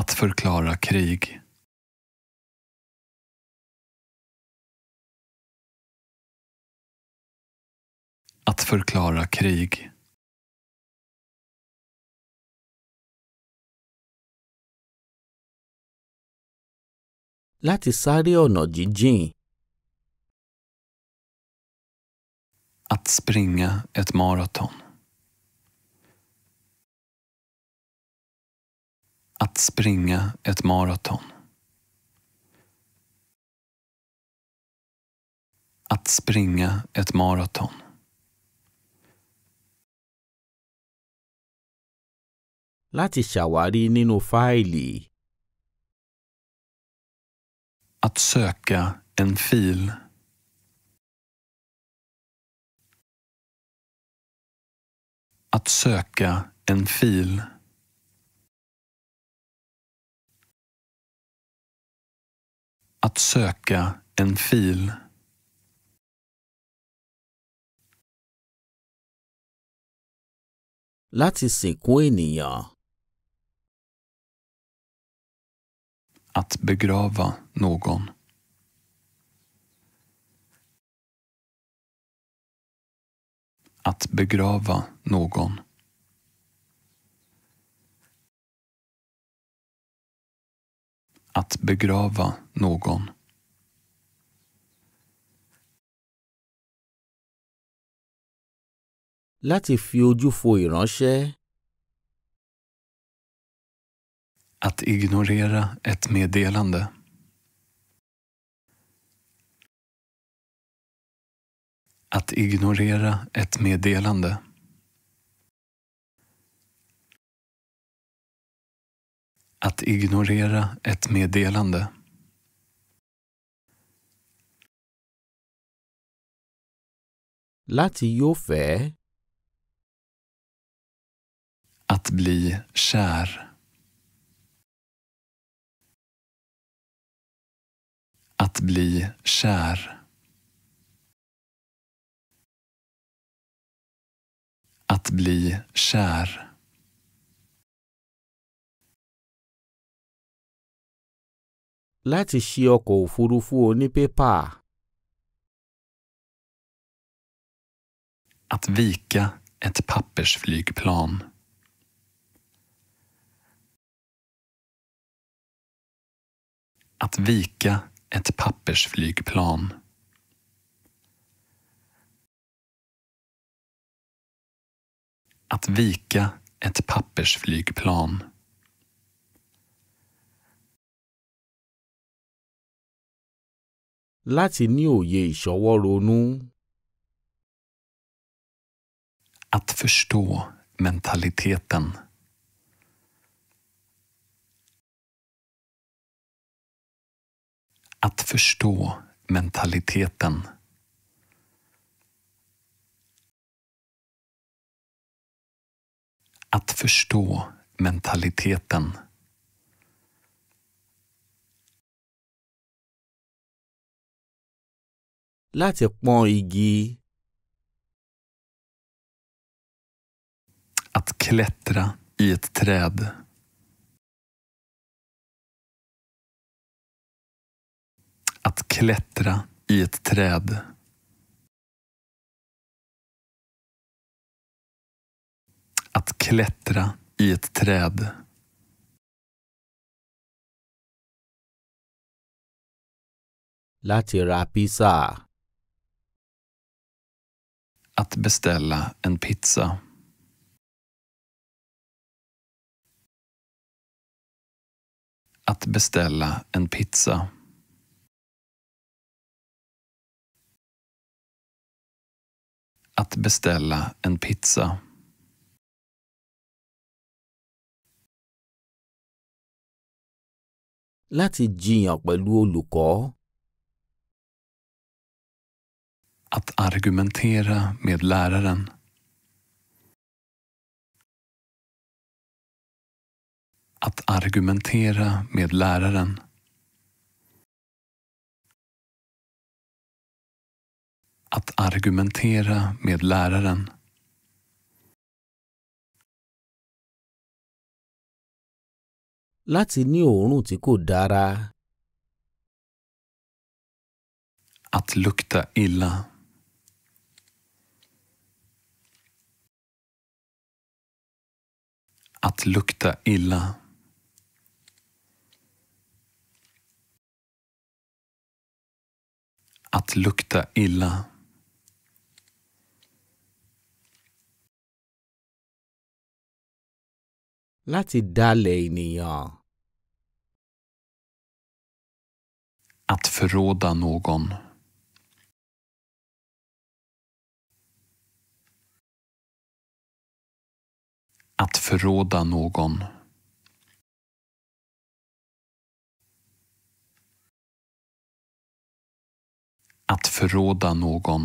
att förklara krig. Att förklara krig. Láti sáré ọ̀nà jíjìn. Att springa ett maraton. att springa ett maraton. Att springa ett maraton. Láti ṣàwárí nínú fáìlì. Att söka en fil. Att söka en fil. Att söka en fil. Láti sìnkú ènìyàn. Att begrava någon. Att begrava någon. att begrava någon. Láti fi ojú fo ìránṣẹ́. Att ignorera ett meddelande. Att ignorera ett meddelande. Att ignorera ett meddelande. Láti yóò fẹ́. Att bli kär. Att bli kär. Att bli kär. láti ṣe ọkọ̀ òfurufú onípépà. Att vika ett pappersflygplan. Att vika ett pappersflygplan. Att vika ett pappersflygplan. láti ní òye ìṣọwọ́ ronú. Att förstå mentaliteten. Att förstå mentaliteten. Att förstå mentaliteten. láti pọ́n igi. Att klättra i ett träd. Att klättra i ett träd. Att klättra i ett träd. Láti ra pizza att beställa en pizza. Att beställa en pizza. Att beställa en pizza. Láti jiyàn pẹ̀lú olùkọ́. att argumentera med läraren. Att argumentera med läraren. Att argumentera med läraren. Láti ní òórùn tí kò dára. Att lukta illa. Att lukta illa. Att lukta illa. Láti dalẹ̀ ènìyàn. Att förråda någon. Att förråda någon. Att förråda någon.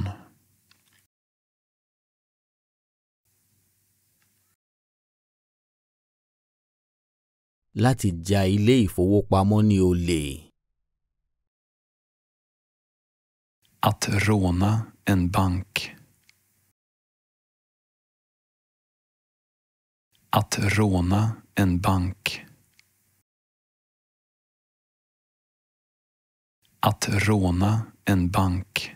láti ja ilé ìfowópamọ́ ní olè. Att råna en bank. Att råna en bank. Att råna en bank.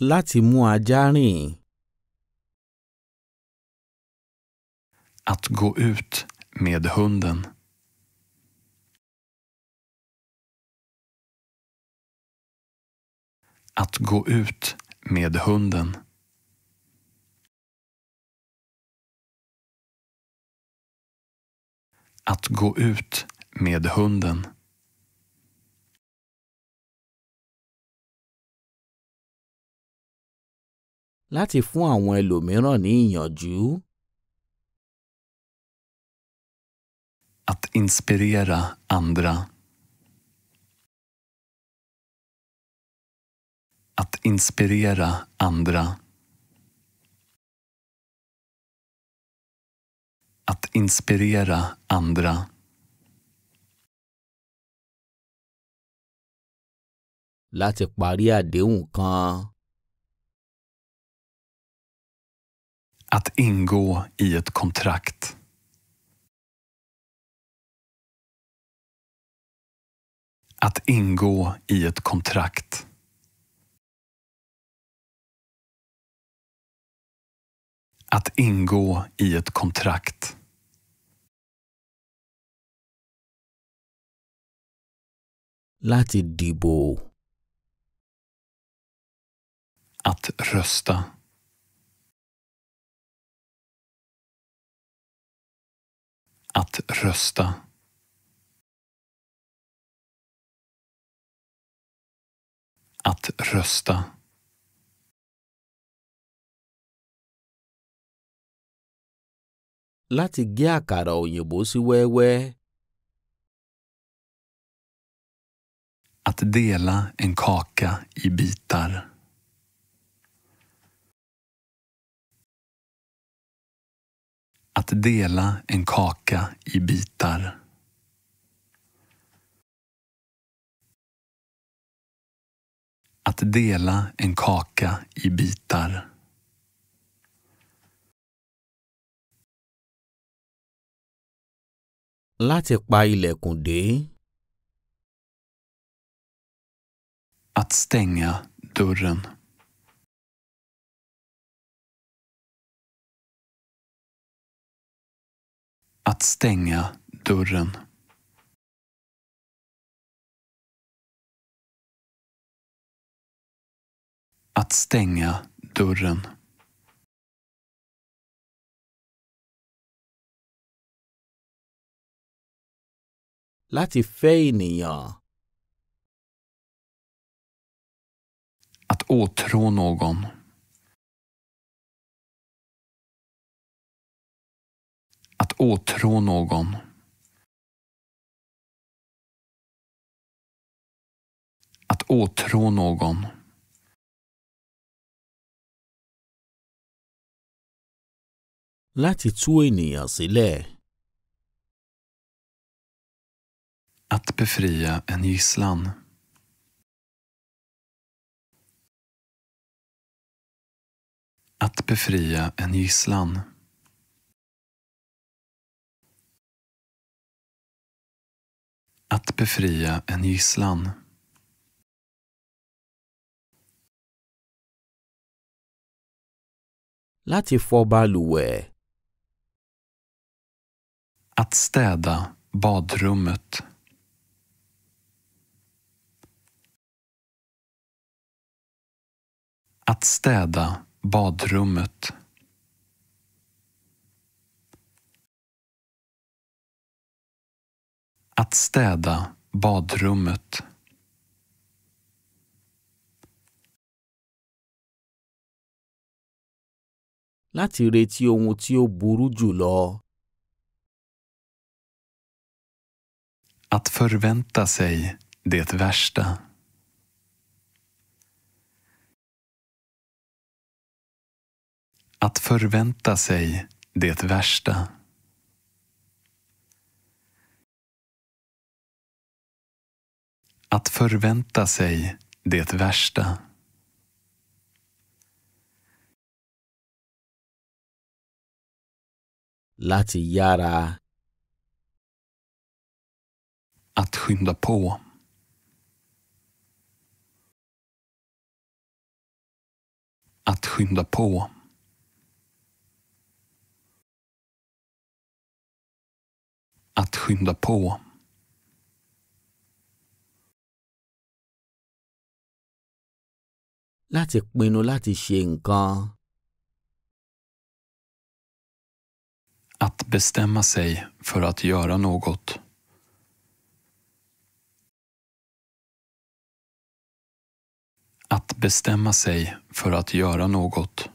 Láti mú Att gå ut med hunden. Att gå ut med hunden. att gå ut med hunden. Láti fún àwọn ẹlòmíràn ní ìyànjú. Att inspirera andra. Att inspirera andra. Att inspirera andra láti parí àdéhùn kan. Att ingå i ett kontrakt. Att ingå i ett kontrakt. Att ingå i ett kontrakt. láti dìbò. Att rösta. Att rösta. Att rösta. Láti gé àkàrà òyìnbó sí wẹ́wẹ́. Att dela en kaka i bitar. Att dela en kaka i bitar. Att dela en kaka i bitar. Láti pa ilẹ̀kùn dé. att stänga dörren. Att stänga dörren. Att stänga dörren. Lati feiniaa. åtrå någon. Att åtrå någon. Att åtrå någon. Läti tsuini ja Att befria en gisslan. Att befria en gisslan. Att befria en gisslan. Láti fọ Att städa badrummet. Att städa badrummet Att städa badrummet. Láti retí ohun tí ó burú jùlọ. Att förvänta sig det värsta. Att förvänta sig det värsta. Att förvänta sig det värsta. Láti yára. Att skynda på. Att skynda på. att skynda på. Láti pinnu láti ṣe nǹkan. Att bestämma sig för att göra något. Att bestämma sig för att göra något.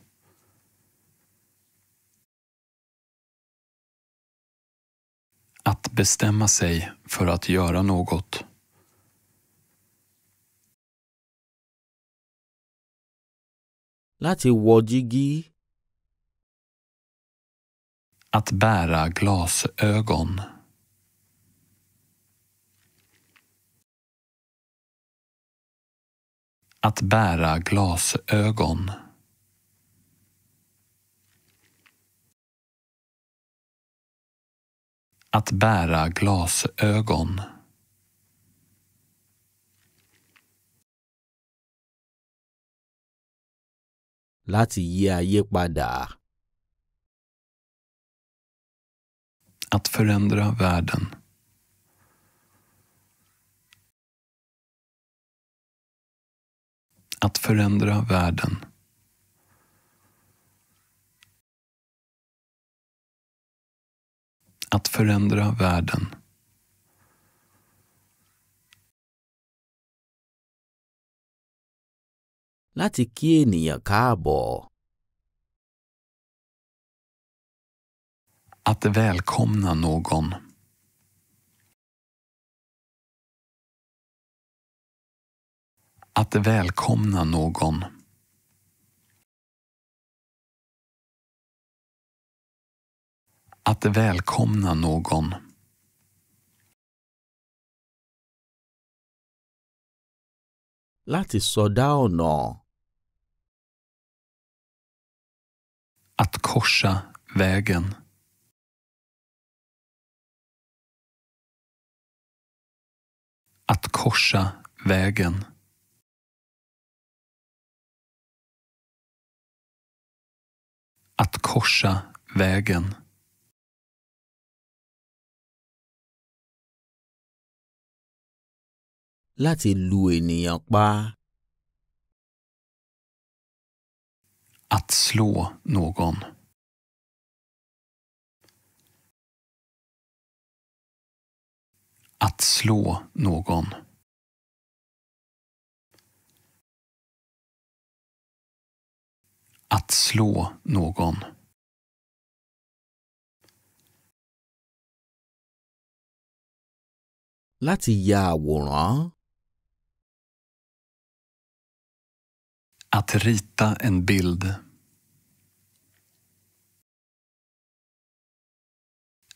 Att bestämma sig för att göra något. Láti wọ Att bära glasögon. Att bära glasögon. Att bära glasögon. Láti Att förändra världen. Att förändra världen. att förändra världen. Láti kí ènìyàn káàbọ̀. Att välkomna någon. Att välkomna någon. Att välkomna någon. Láti sọdá ọ̀nà. Att korsa vägen. Att korsa vägen. Att korsa vägen. láti lu ènìyàn pa. Att slå någon. Att slå någon. Att slå någon. Láti ya àwòrán. Att rita en bild.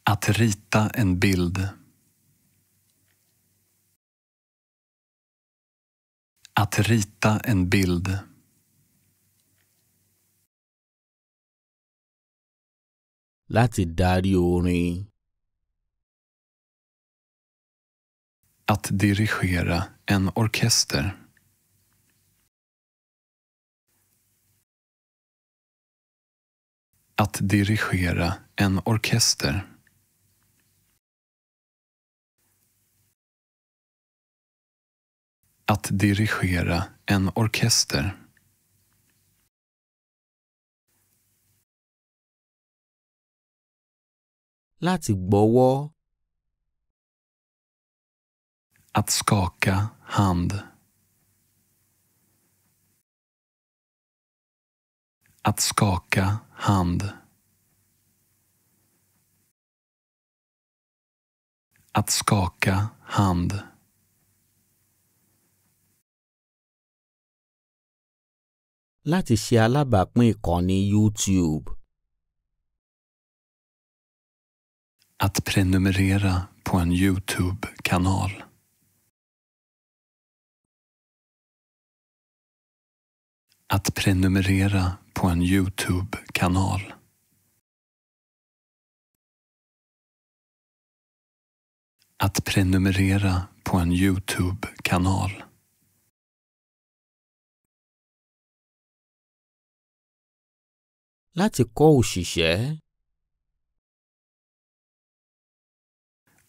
Att rita en bild. Att rita en bild. Láti darí Att dirigera en orkester. Att dirigera en orkester. Att dirigera en orkester. Láti gbọ́wọ́. Att skaka hand. Att skaka hand. Att skaka hand. láti ṣe alábàápín ìkànnì YouTube. Att prenumerera på en Youtube-kanal. Att prenumerera på en Youtube-kanal. Att prenumerera på en Youtube-kanal. Láti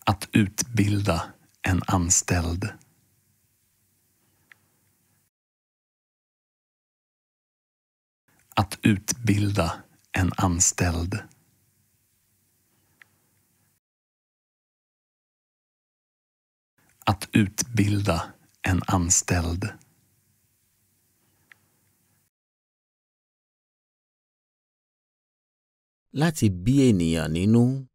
Att utbilda en anställd. att utbilda en anställd. Att utbilda en anställd. Láti bí ènìyàn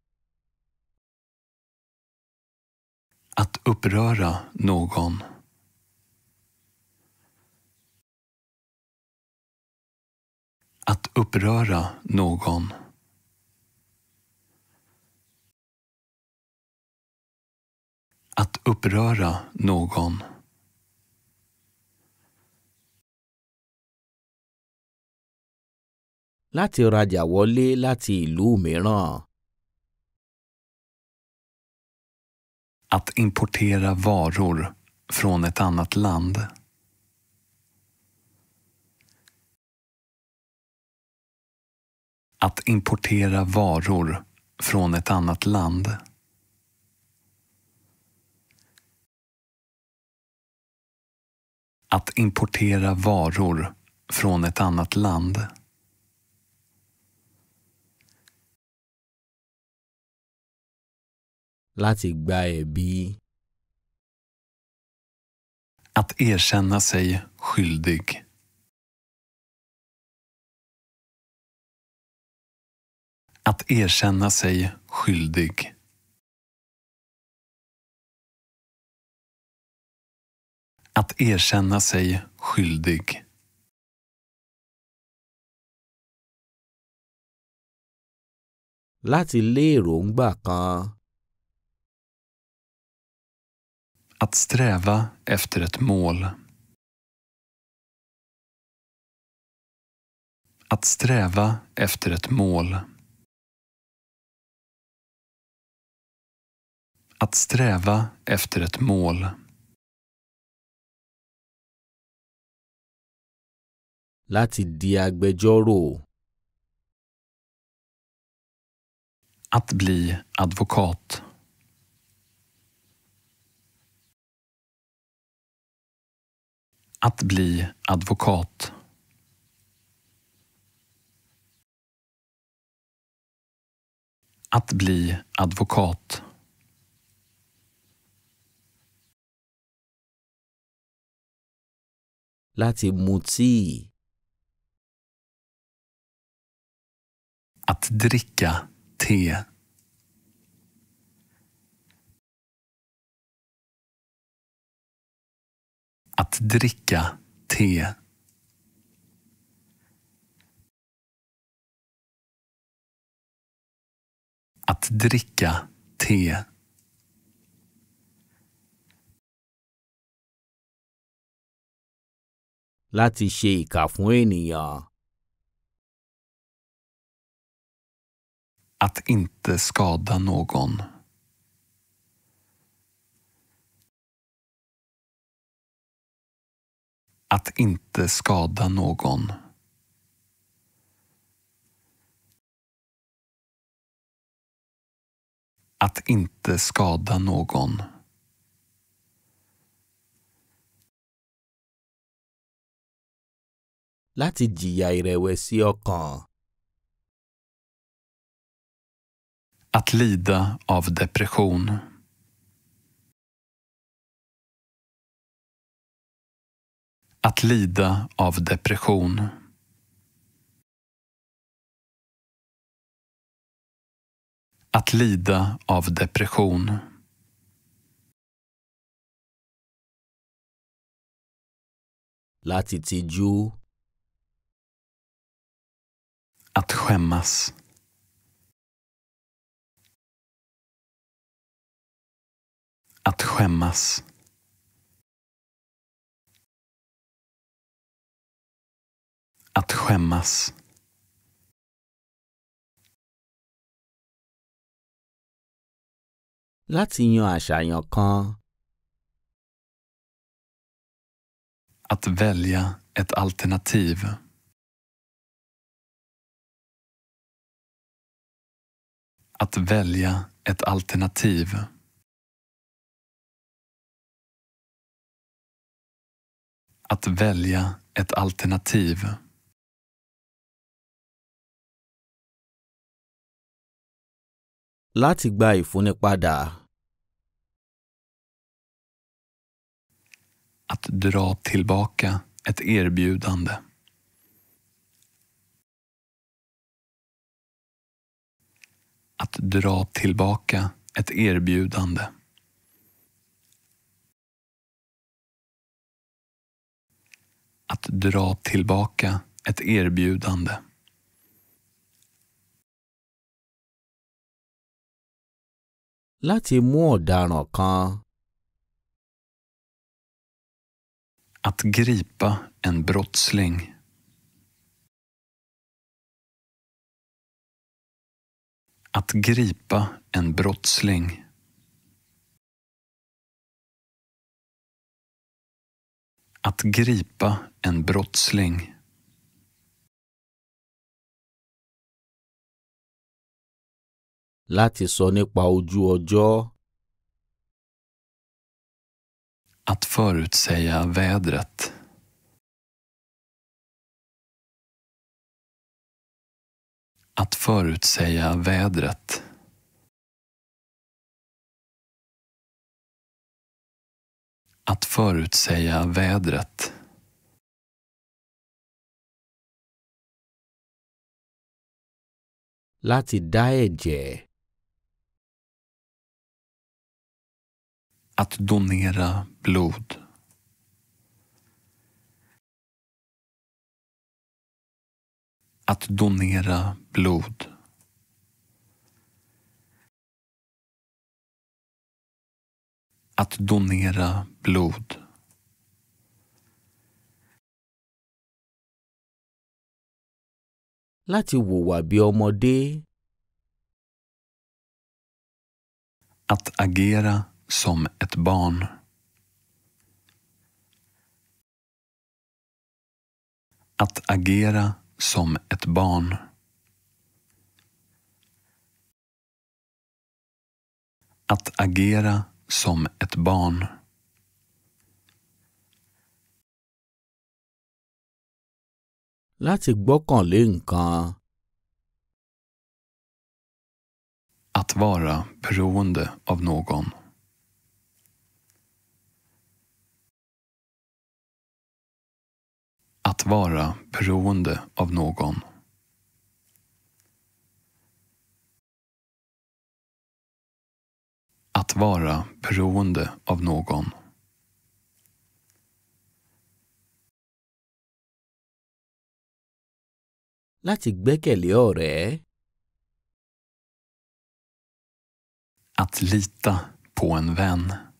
Att uppröra någon. att uppröra någon. Att uppröra någon. Láti rajà wọlé láti ìlú mìíràn. Att importera varor från ett annat land. att importera varor från ett annat land. Att importera varor från ett annat land. Att erkänna sig skyldig. Att erkänna sig skyldig. Att erkänna sig skyldig. Láti Att sträva efter ett mål. Att sträva efter ett mål. Att sträva efter ett mål. Láti di agbẹjọ́rò. Att bli advokat. Att bli advokat. Att bli advokat. láti mu tíì. Att dricka te. Att dricka te. Att dricka te. láti ṣe ìkà fún ènìyàn. Att inte skada någon. Att inte skada någon. Att inte skada någon. láti jìyà ìrẹ̀wẹ̀sì ọkàn. Att lida av depression. Att lida av depression. Att lida av depression. Láti att skämmas. Att skämmas. Att skämmas. Láti yan àṣàyàn kan. Att välja ett alternativ. Att välja ett alternativ. Att välja ett alternativ. Láti gba ìfúnnipadà. Att dra tillbaka ett erbjudande. att dra tillbaka ett erbjudande. Att dra tillbaka ett erbjudande. Láti mú kan. Att gripa en brottsling. Att gripa en brottsling. Att gripa en brottsling. Láti Att förutsäga vädret. Att förutsäga vädret. Att förutsäga vädret. Láti dá Att donera blod. att donera blod. Att donera blod. Láti wòwà bí ọmọdé. Att agera som ett barn. Att agera som ett barn. Att agera som ett barn. Láti Att vara beroende av någon. att vara beroende av någon. Att vara beroende av någon. Láti gbẹ́kẹ̀lé ọ̀rẹ́. Att lita på en vän.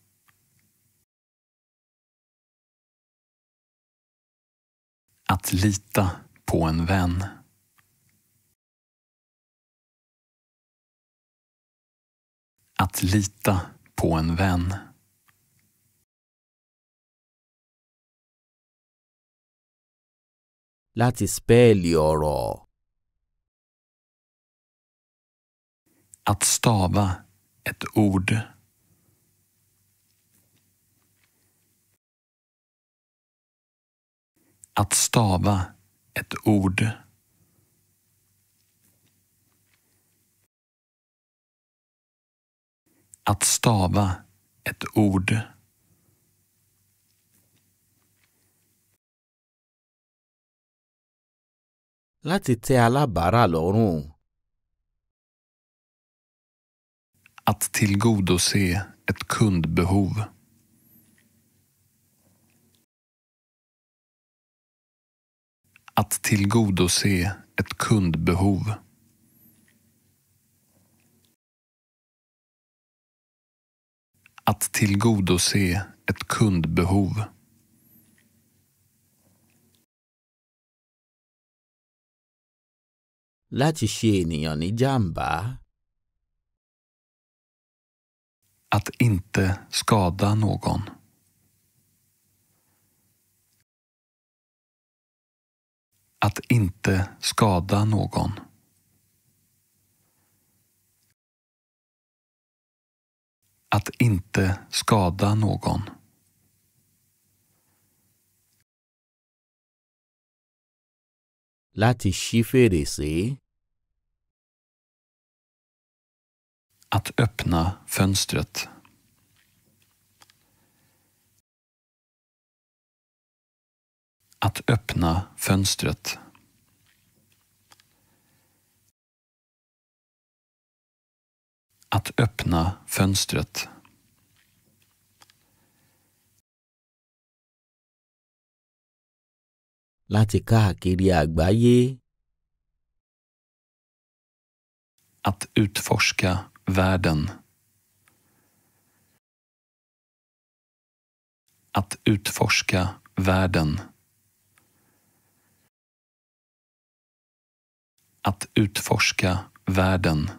Att lita på en vän. Att lita på en vän. Láti spẹ́ẹ̀lì ọ̀rọ̀. Att stava ett ord. Att stava ett ord. Att stava ett ord. Láti tẹ́ alábàárà lọ́rùn. Att tillgodose ett kundbehov. Att tillgodose ett kundbehov. Att tillgodose ett kundbehov. Láti ṣe ènìyàn ní Att inte skada någon. att inte skada någon. Att inte skada någon. Láti ṣí Att öppna fönstret. att öppna fönstret. Att öppna fönstret. Láti káàkiri àgbáyé. Att utforska världen. Att utforska världen. att utforska världen.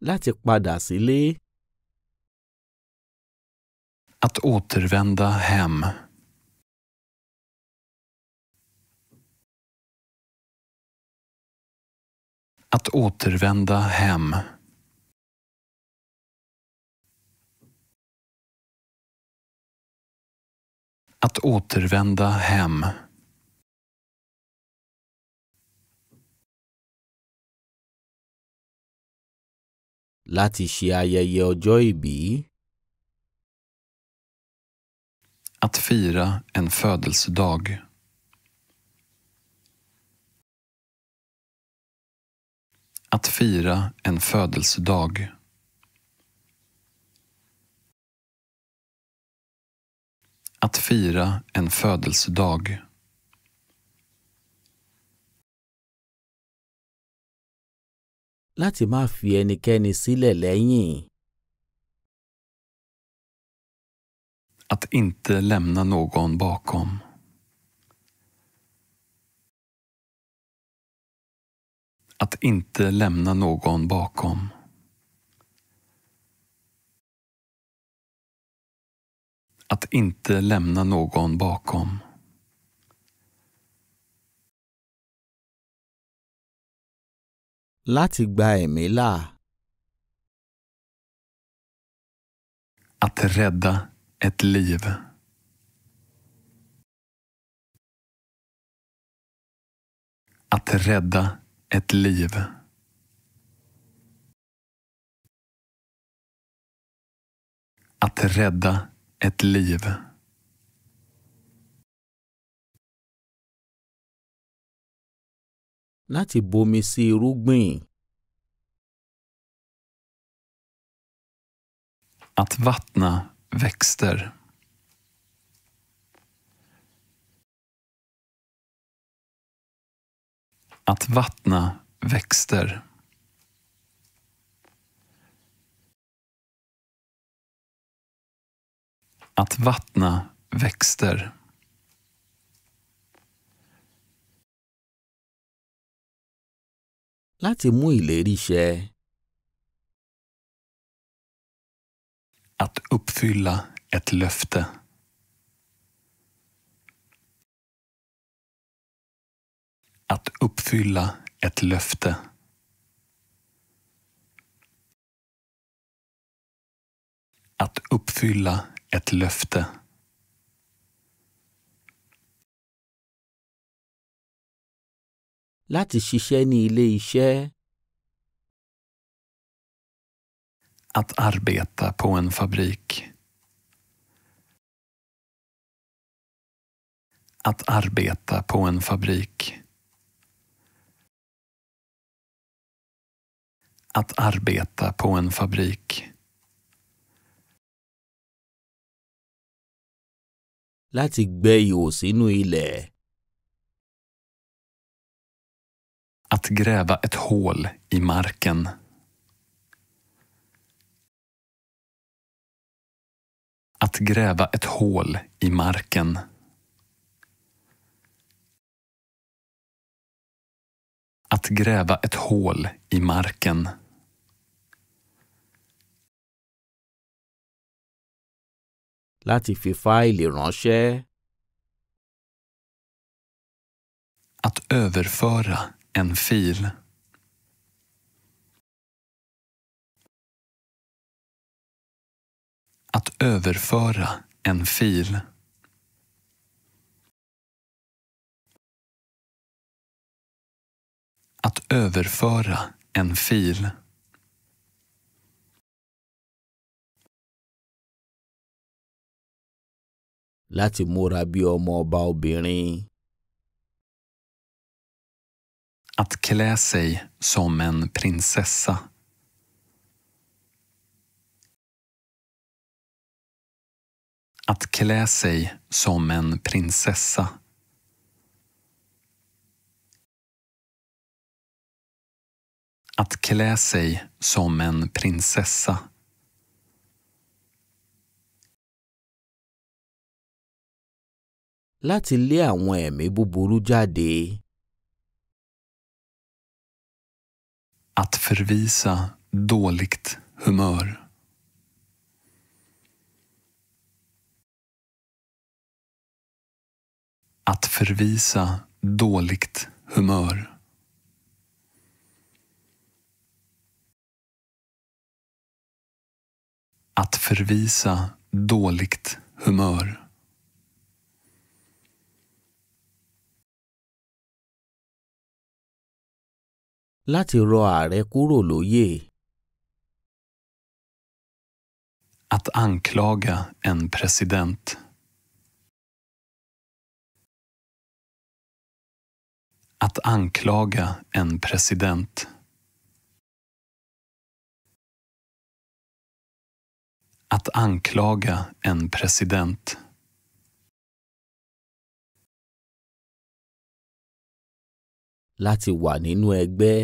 Láti padà sílé. Att återvända hem. Att återvända hem. Att återvända hem. Láti ṣe ayẹyẹ ọjọ́ ìbí. Att fira en födelsedag. Att fira en födelsedag. Att fira en födelsedag. Láti má fi ẹnikẹ́ni sílẹ̀ lẹ́yìn. Att inte lämna någon bakom. Att inte lämna någon bakom. att inte lämna någon bakom. Láti gba Att rädda ett liv. Att rädda ett liv. Att rädda ett liv. Láti bomi sí irúgbìn. Att vattna växter. Att vattna växter. Att vattna växter. Láti mú ìlérí ṣẹ. Att uppfylla ett löfte. Att uppfylla ett löfte. Att uppfylla ett löfte. Láti ṣiṣẹ́ ní ilé Att arbeta på en fabrik. Att arbeta på en fabrik. Att arbeta på en fabrik. láti gbẹ́ ihò sínú ilẹ̀. Att gräva ett hål i marken. Att gräva ett hål i marken. Att gräva ett hål i marken. láti fi fáìlì ránṣẹ́. Att överföra en fil. Att överföra en fil. Att överföra en fil. láti múra bí ọmọ ọba obìnrin. Att klä sig som en prinsessa. Att klä sig som en prinsessa. Att klä sig som en prinsessa. láti lé àwọn ẹ̀mí búburú jáde. Att förvisa dåligt humör. Att förvisa dåligt humör. Att förvisa dåligt humör. láti rọ ààrẹ kúrò lóyè. Att anklaga en president. Att anklaga en president. Att anklaga en president. láti wà nínú ẹgbẹ́.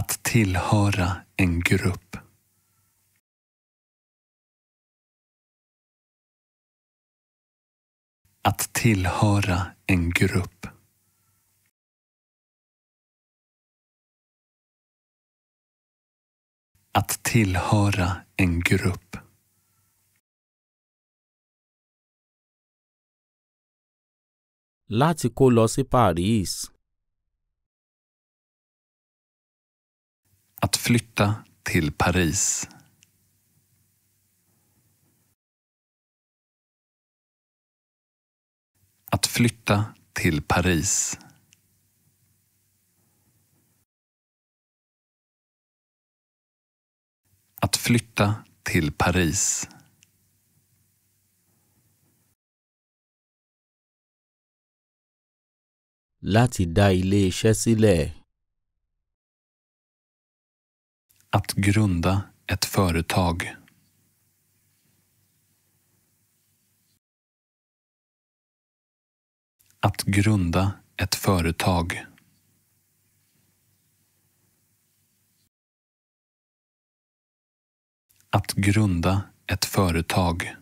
Att tillhöra en grupp. Att tillhöra en grupp. Att tillhöra en grupp. láti kó lọ sí Paris. Att flytta till Paris. Att flytta till Paris. Att flytta till Paris. láti dá ilé iṣẹ́ sílẹ̀. Att grunda ett företag. Att grunda ett företag. Att grunda ett företag.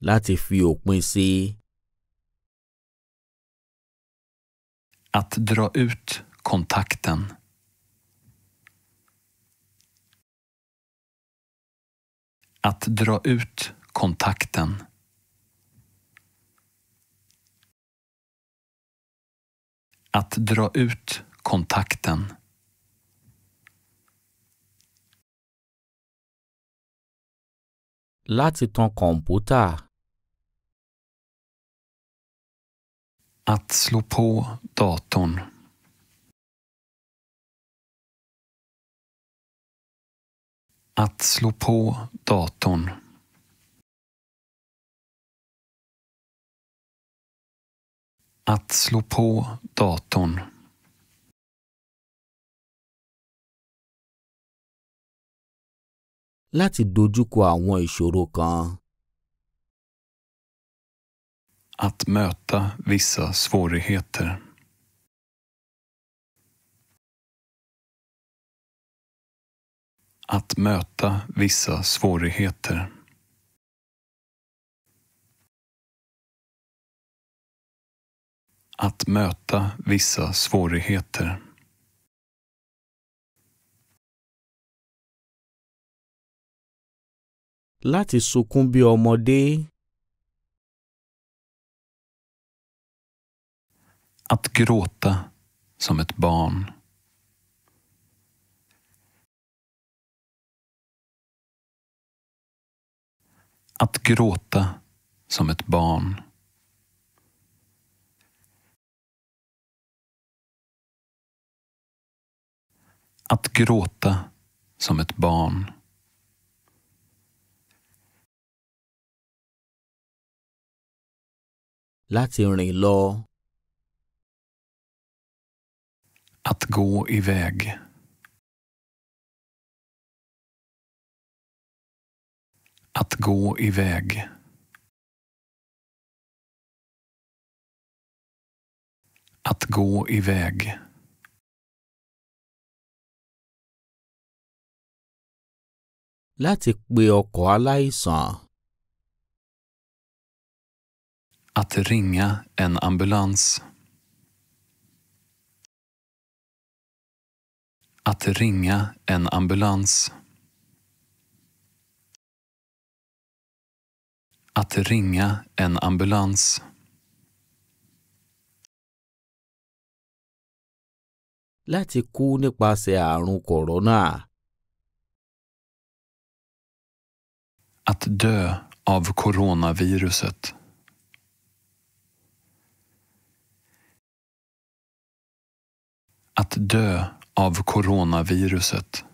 láti fi òpin sí Att dra ut kontakten. Att dra ut kontakten. Att dra ut kontakten. Láti tan kọ̀ǹpútà. Att slå på datorn. Att slå på datorn. Att slå på datorn. Láti dojúkọ àwọn ìṣòro kan. att möta vissa svårigheter. Att möta vissa svårigheter. Att möta vissa svårigheter. Láti sunkún bí ọmọdé. Att gråta som ett barn. Att gråta som ett barn. Att gråta som ett barn. láti rìn att gå iväg. Att gå iväg. Att gå iväg. Láti pe ọkọ̀ Att ringa en ambulans. Att ringa en ambulans. Att ringa en ambulans. Láti kú nípasẹ̀ àrùn kòrónà. Att dö av coronaviruset. Att dö av coronaviruset.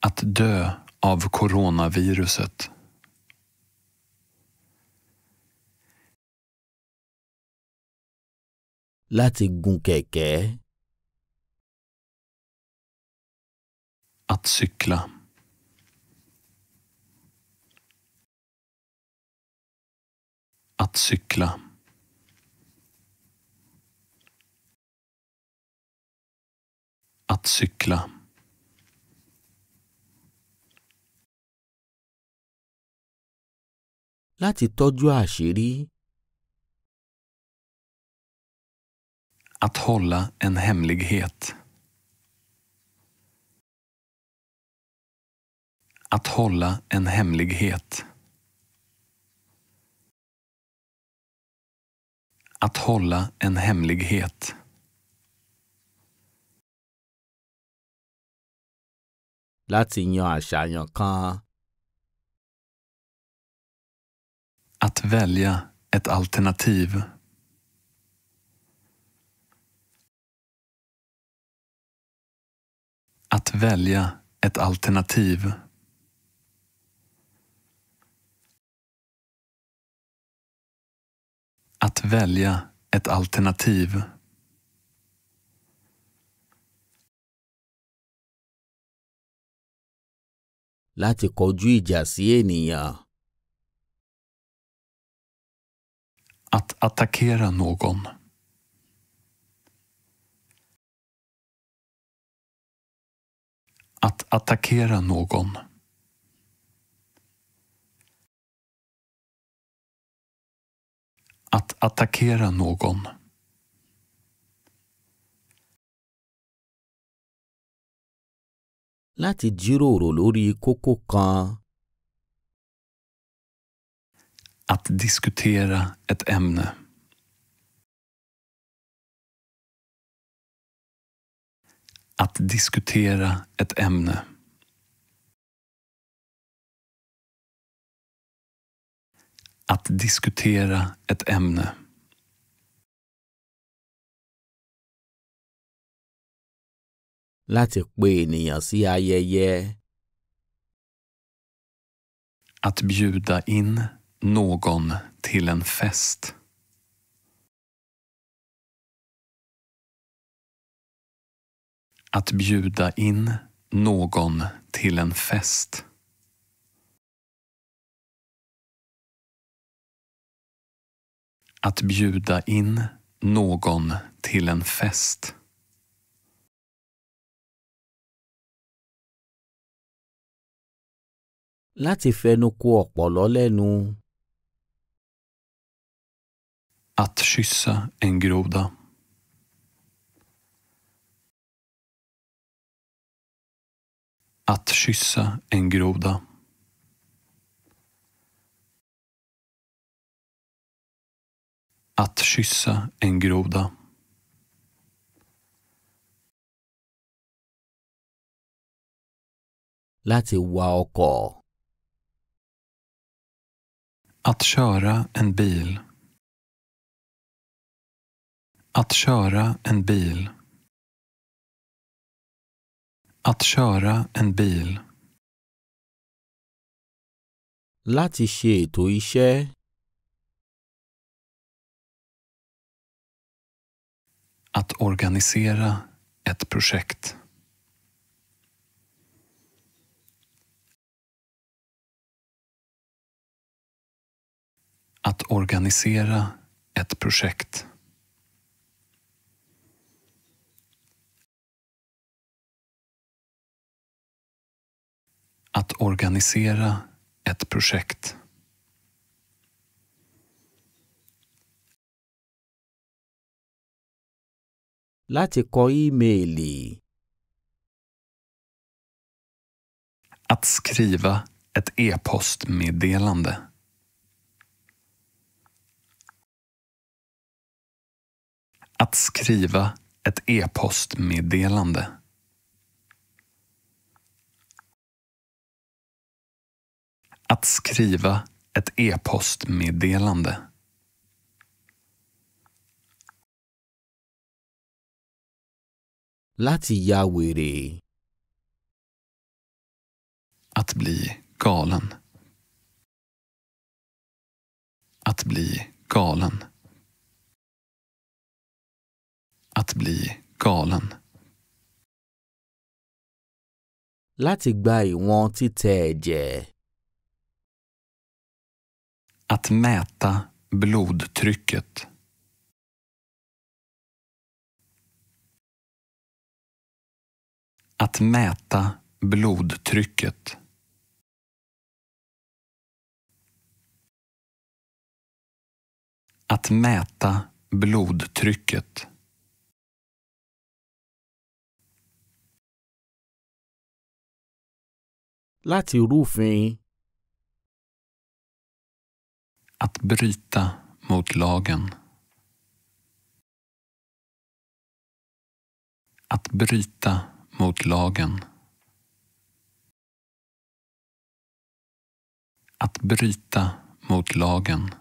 Att dö av coronaviruset. Láti gun Att cykla. Att cykla. att cykla. Láti tọ́jú àṣírí. Att hålla en hemlighet. Att hålla en hemlighet. Att hålla en hemlighet. láti yan àṣàyàn kan. Att välja ett alternativ. Att välja ett alternativ. Att välja ett alternativ. láti kọjú ìjà sí ènìyàn. Att attackera någon. Att attackera någon. Att attackera någon. láti jíròrò lórí kókó kan. Att diskutera ett ämne. Att diskutera ett ämne. Att diskutera ett ämne. láti pe ènìyàn sí ayẹyẹ. Att bjuda in någon till en fest. Att bjuda in någon till en fest. Att bjuda in någon till en fest. láti fẹnu kò ọ̀pọ̀lọ́ lẹ́nu. Att kyssa en groda. Att kyssa en groda. Att kyssa en groda. Láti wa ọkọ̀. Att köra en bil. Att köra en bil. Att köra en bil. Láti ṣe ètò iṣẹ́. Att organisera ett projekt. Att organisera ett projekt. Att organisera ett projekt. Láti kọ e Att skriva ett e-postmeddelande. Att skriva ett e-postmeddelande. Att skriva ett e-postmeddelande. Láti ya Att bli galen. Att bli galen att bli galen. Láti gba ìwọ̀n Att mäta blodtrycket. Att mäta blodtrycket. Att mäta blodtrycket. láti rúfin. Att bryta mot lagen. Att bryta mot lagen. Att bryta mot lagen. Låt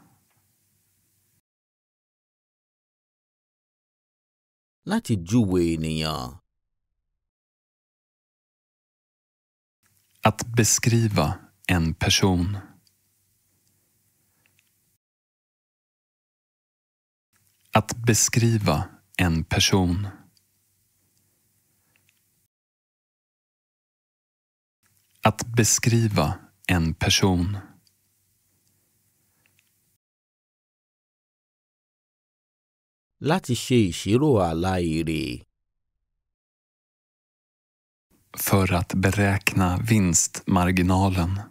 Láti júwe ènìyàn. Att beskriva en person. Att beskriva en person. Att beskriva en person. Láti ṣe ìṣirò àlá för att beräkna vinstmarginalen.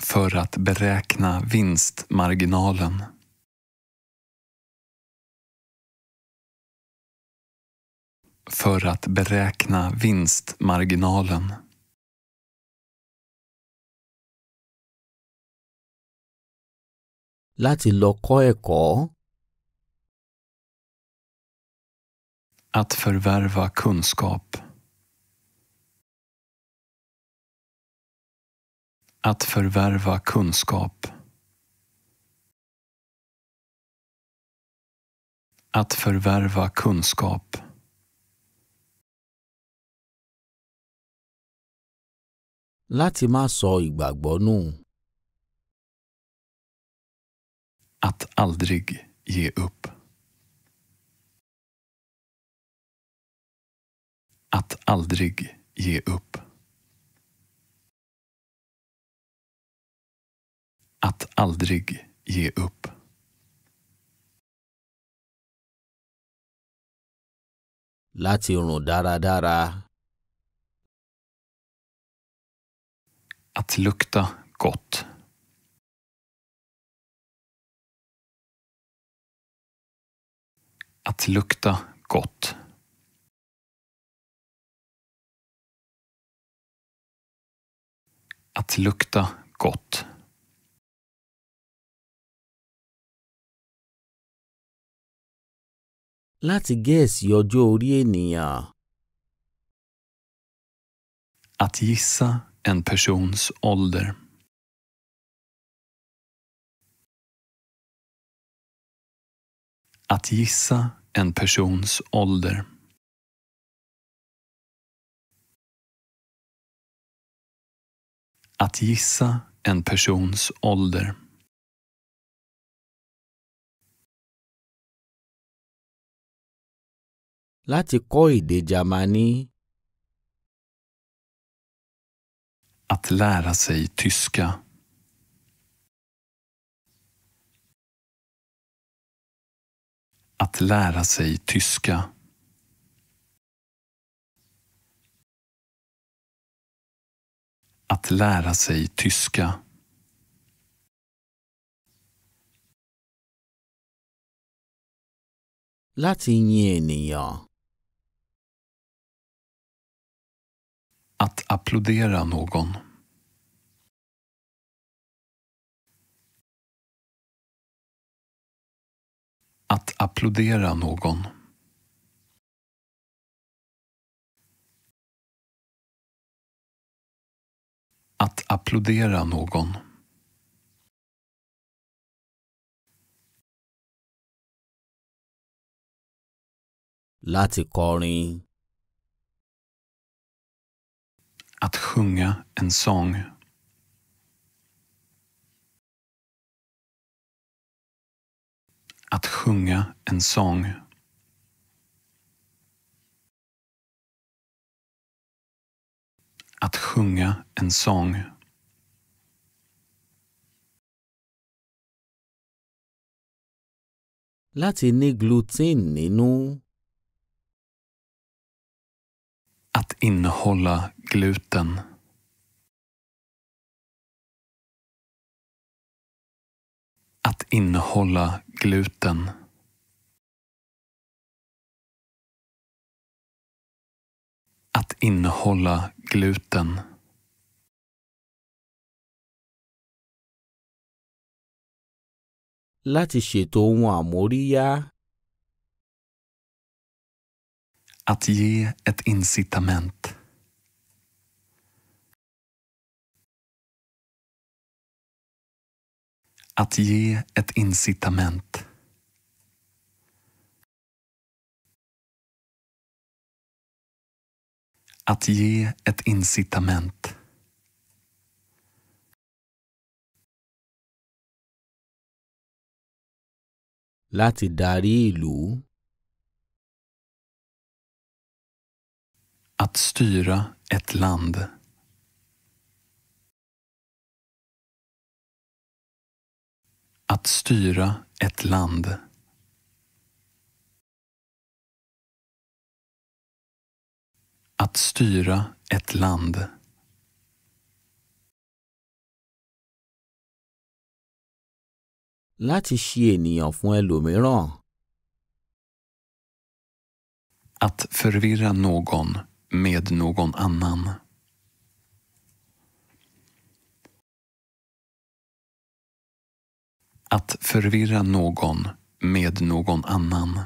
För att beräkna vinstmarginalen. För att beräkna vinstmarginalen. Láti lọ kọ́ Att förvärva kunskap. Att förvärva kunskap. Att förvärva kunskap. Láti má sọ ìgbàgbọ́ nù. Att aldrig ge upp. Att aldrig ge upp. Att aldrig ge upp. Láti rùn dáradára. Att lukta gott. Att lukta gott. att lukta gott. Láti gẹ̀ẹ́sì ọjọ́ orí ènìyàn. Att gissa en persons ålder. Att gissa en persons ålder. Att gissa en persons ålder. Láti kọ́ èdè Germani. Att lära sig tyska. Att lära sig tyska. Att lära sig tyska. Láti Att applådera någon. Att applådera någon. Att applådera någon. Láti kọrin. Att sjunga en sång. Att sjunga en sång. att sjunga en sång. Láti ní gluten nínú. Att innehålla gluten. Att innehålla gluten. att innehålla gluten. Láti ṣètò ohun àmóríyá. Att ge ett incitament. Att ge ett incitament. Att ge ett incitament. Láti darí ìlú. Att styra ett land. Att styra ett land. Att styra ett land. Láti ṣe ènìyàn fún ẹlòmíràn. Att förvirra någon med någon annan. Att förvirra någon med någon annan.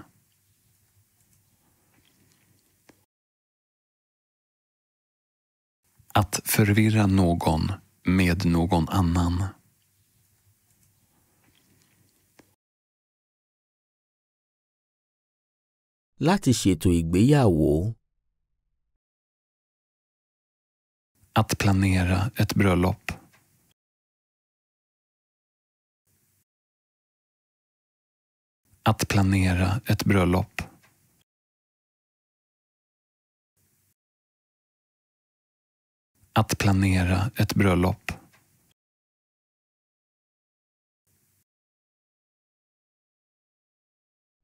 Att förvirra någon med någon annan. Láti ṣètò ìgbéyàwó. Att planera ett bröllop. Att planera ett bröllop. att planera ett bröllop.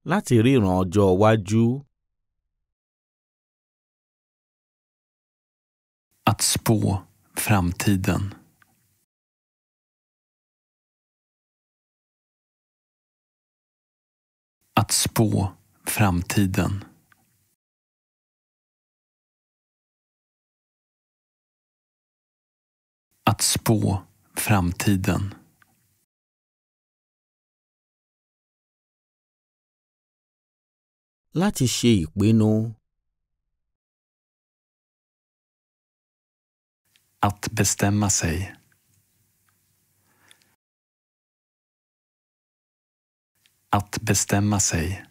láti ríran ọjọ́ iwájú. Att spå framtiden. Att spå framtiden. spå framtiden. Láti ṣe ìpinnu. Att bestämma sig. Att bestämma sig.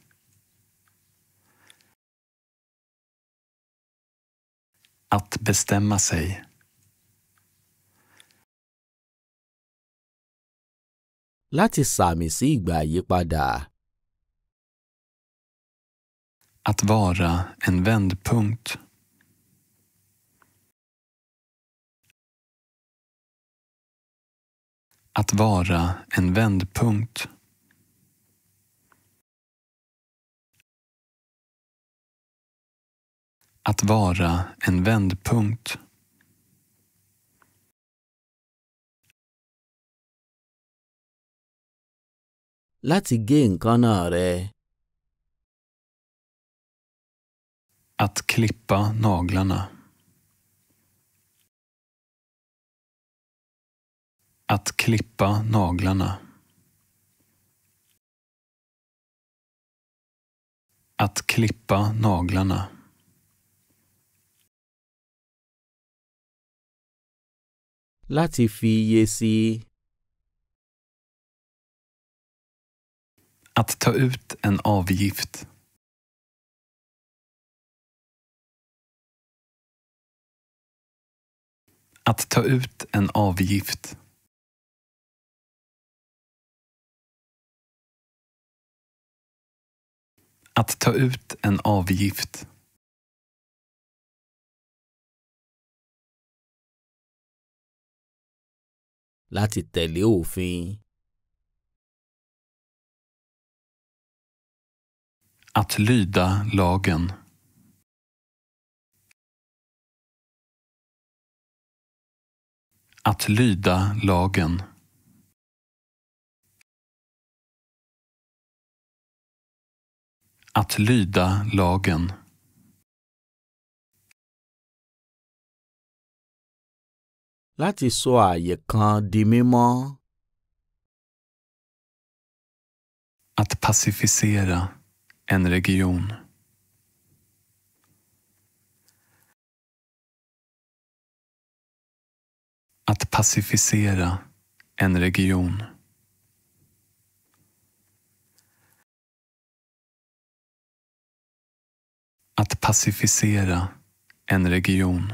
Att bestämma sig. láti sàmì sí ìgbà àyípadà. Att vara en vändpunkt. Att vara en vändpunkt. Att vara en vändpunkt. láti gé nǹkan rẹ. Att klippa naglarna. Att klippa naglarna. Att klippa naglarna. Láti fi iye Att ta ut en avgift. Att ta ut en avgift. Att ta ut en avgift. láti tẹ̀lé òfin. Att lyda lagen. Att lyda lagen. Att lyda lagen. Láti sọ àyè kan di mímọ́. Att pacificera en region. Att pacificera en region. Att pacificera en region.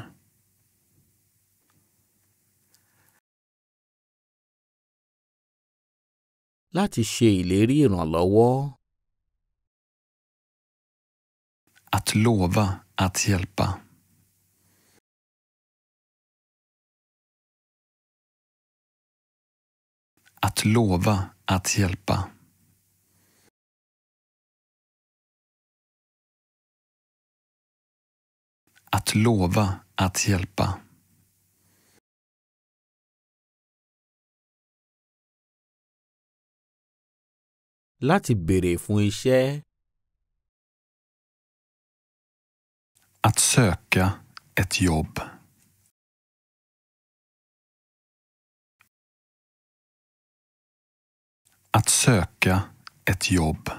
láti ṣe ìlérí ìrànlọ́wọ́. Att lova att hjälpa. Att lova att hjälpa. Att lova att hjälpa. láti béèrè fún iṣẹ́. Att söka ett jobb. Att söka ett jobb.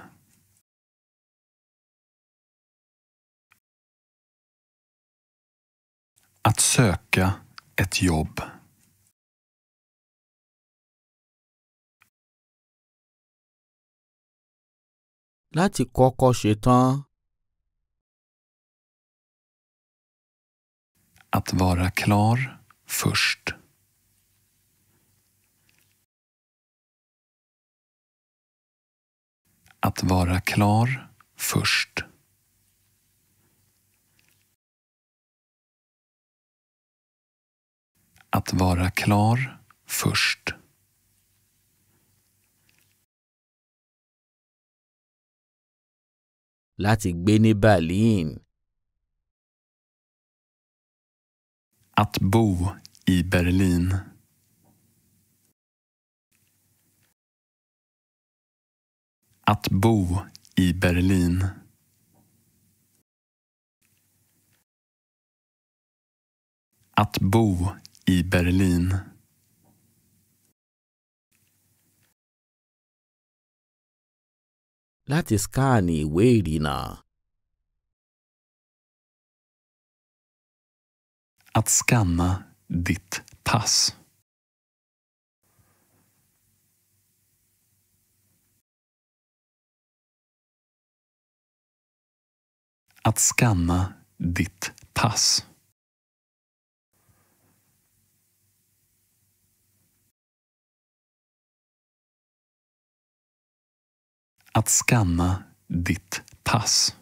Att söka ett jobb. láti kọ́kọ́ ṣetán. Att vara klar först. Att vara klar först. Att vara klar först. Láti gbé Berlin. Att bo i Berlin. Att bo i Berlin. Att bo i Berlin. That is Kani Wedina. att skanna ditt pass. Att skanna ditt pass. Att skanna ditt pass.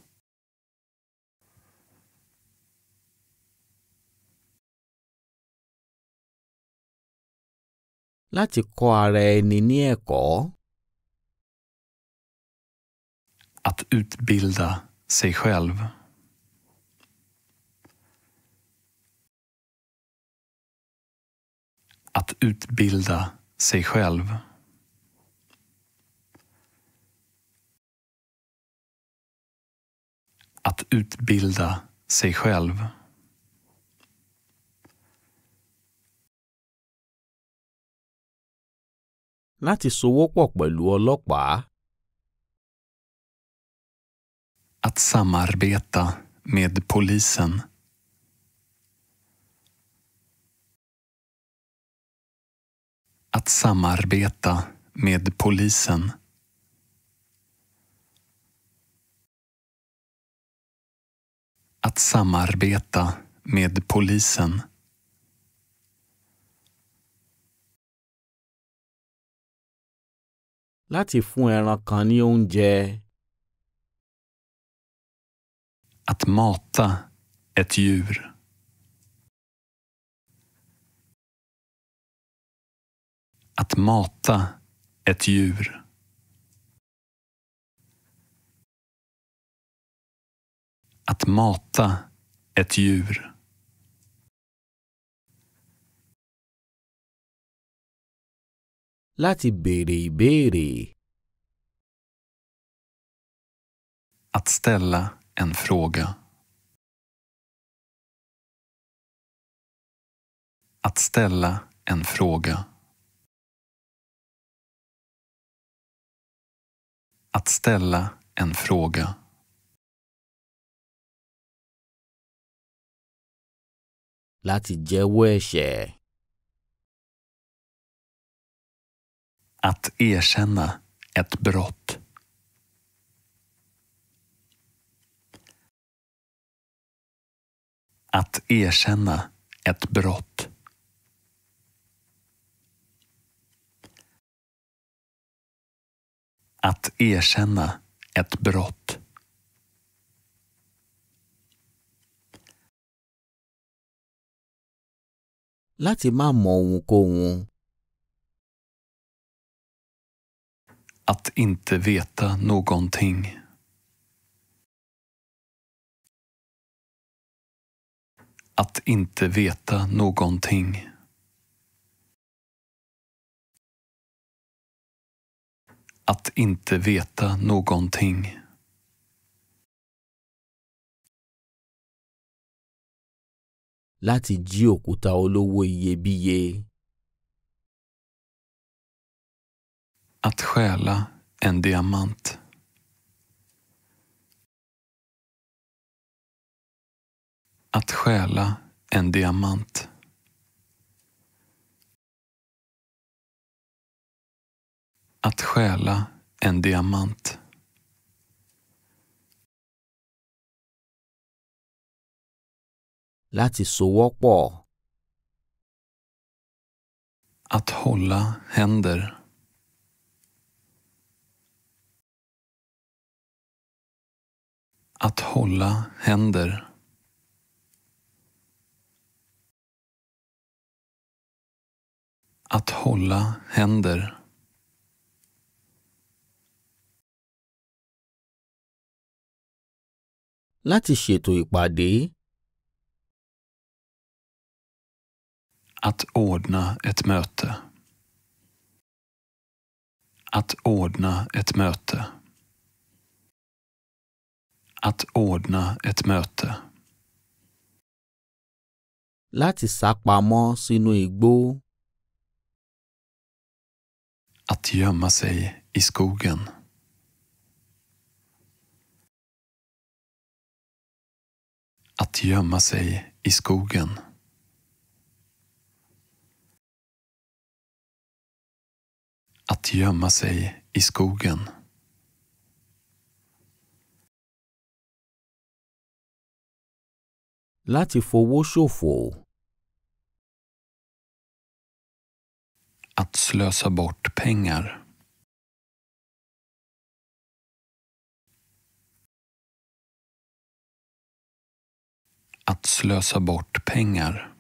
láti kọ́ ara ẹni ní ẹ̀kọ́. Att utbilda sig själv. Att utbilda sig själv. Att utbilda sig själv. láti sowọ́pọ̀ pẹ̀lú ọlọ́pàá. Att samarbeta med polisen. Att samarbeta med polisen. Att samarbeta med polisen. láti fún ẹran kan ní oúnjẹ. Att mata ett djur. Att mata ett djur. Att mata ett djur. láti béèrè ìbéèrè. Att ställa en fråga. Att ställa en fråga. Att ställa en fråga. Lati jewe ẹ̀ṣẹ̀. Att erkänna ett brott. Att erkänna ett brott. Att erkänna ett brott. láti má mọ ohunkóhun att inte veta någonting. Att inte veta någonting. Att inte veta någonting. Láti jí òkúta olówó iyebíye. Att stjäla en diamant. Att stjäla en diamant. Att stjäla en diamant. Láti Att hålla händer. Att hålla händer. Att hålla händer. Láti ṣètò ìpàdé. Att ordna ett möte. Att ordna ett möte att ordna ett möte. Láti sápamọ́ sínú igbó. Att gömma sig i skogen. Att gömma sig i skogen. Att gömma sig i skogen. láti fowó ṣòfò. Att slösa bort pengar. Att slösa bort pengar.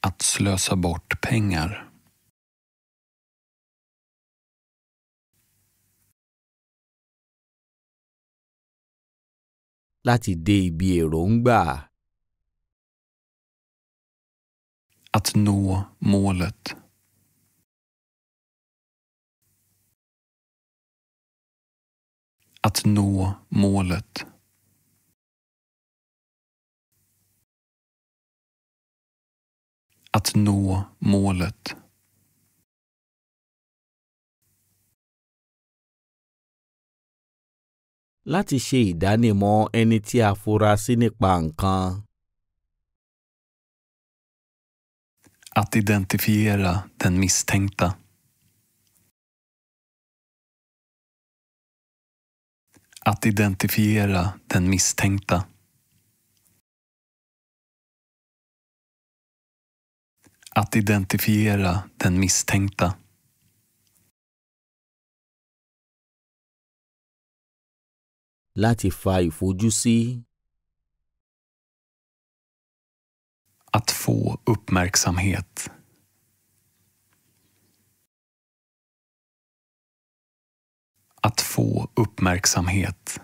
Att slösa bort pengar. láti dé ibi èròǹgbà. Att nå målet. Att nå målet. Att nå målet. láti ṣe ìdánimọ̀ ẹni tí a fura sí nípa nǹkan. Att identifiera den misstänkta. Att identifiera den misstänkta. Att identifiera den misstänkta. láti fa ìfojúsí. Att få uppmärksamhet. Att få uppmärksamhet.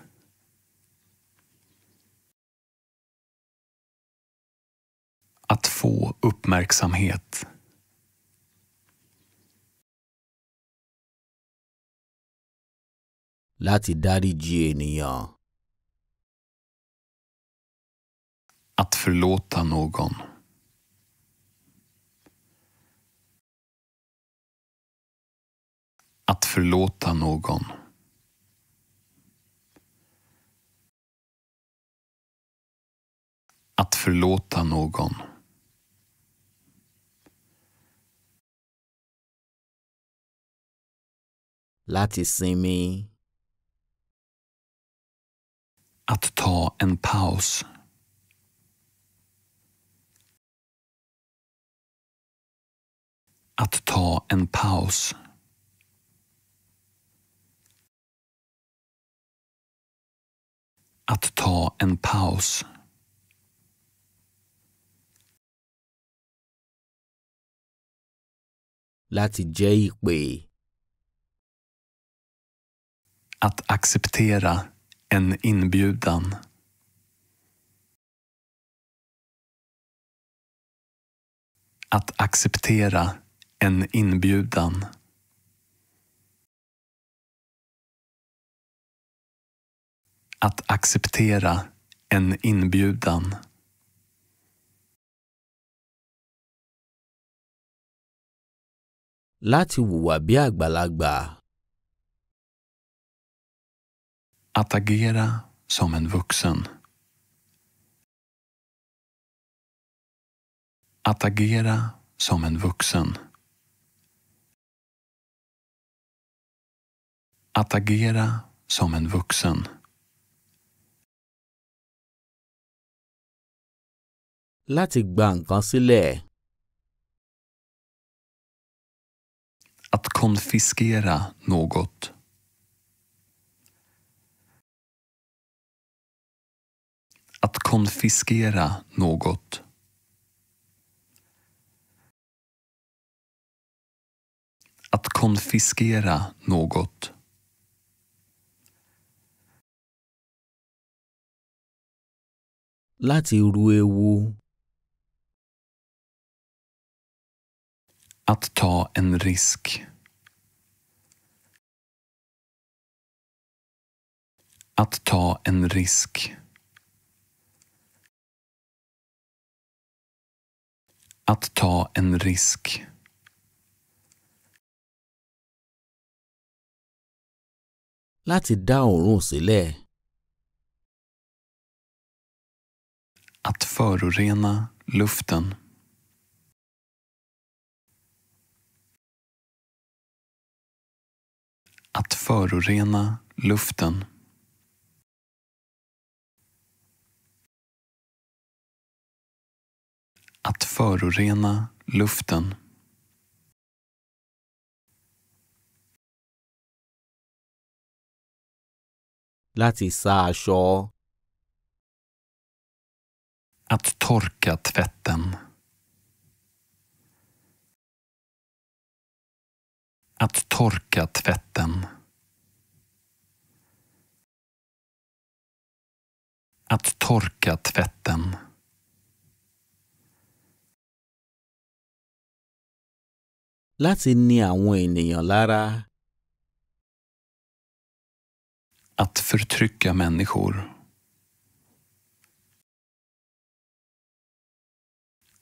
Att få uppmärksamhet. láti dáríji ènìyàn. Att förlåta någon. Att förlåta någon. Att förlåta någon. Láti sinmi. Att ta en paus. Att ta en paus. Att ta en paus. Láti jẹ́ Att acceptera en inbjudan. Att acceptera en inbjudan. Att acceptera en inbjudan. Láti hùwà bí àgbàlagbà. Att agera som en vuxen. Att agera som en vuxen. Att agera som en vuxen. Láti gba Att konfiskera något. Att konfiskera något. Att konfiskera något. Láti ru Att ta en risk. Att ta en risk. Att ta en risk. Láti dá òórùn sílẹ̀. Att förorena luften. Att förorena luften. Att förorena luften. Láti sá aṣọ. Att torka tvätten. Att torka tvätten. Att torka tvätten. láti ni àwọn ènìyàn lára. Att förtrycka människor.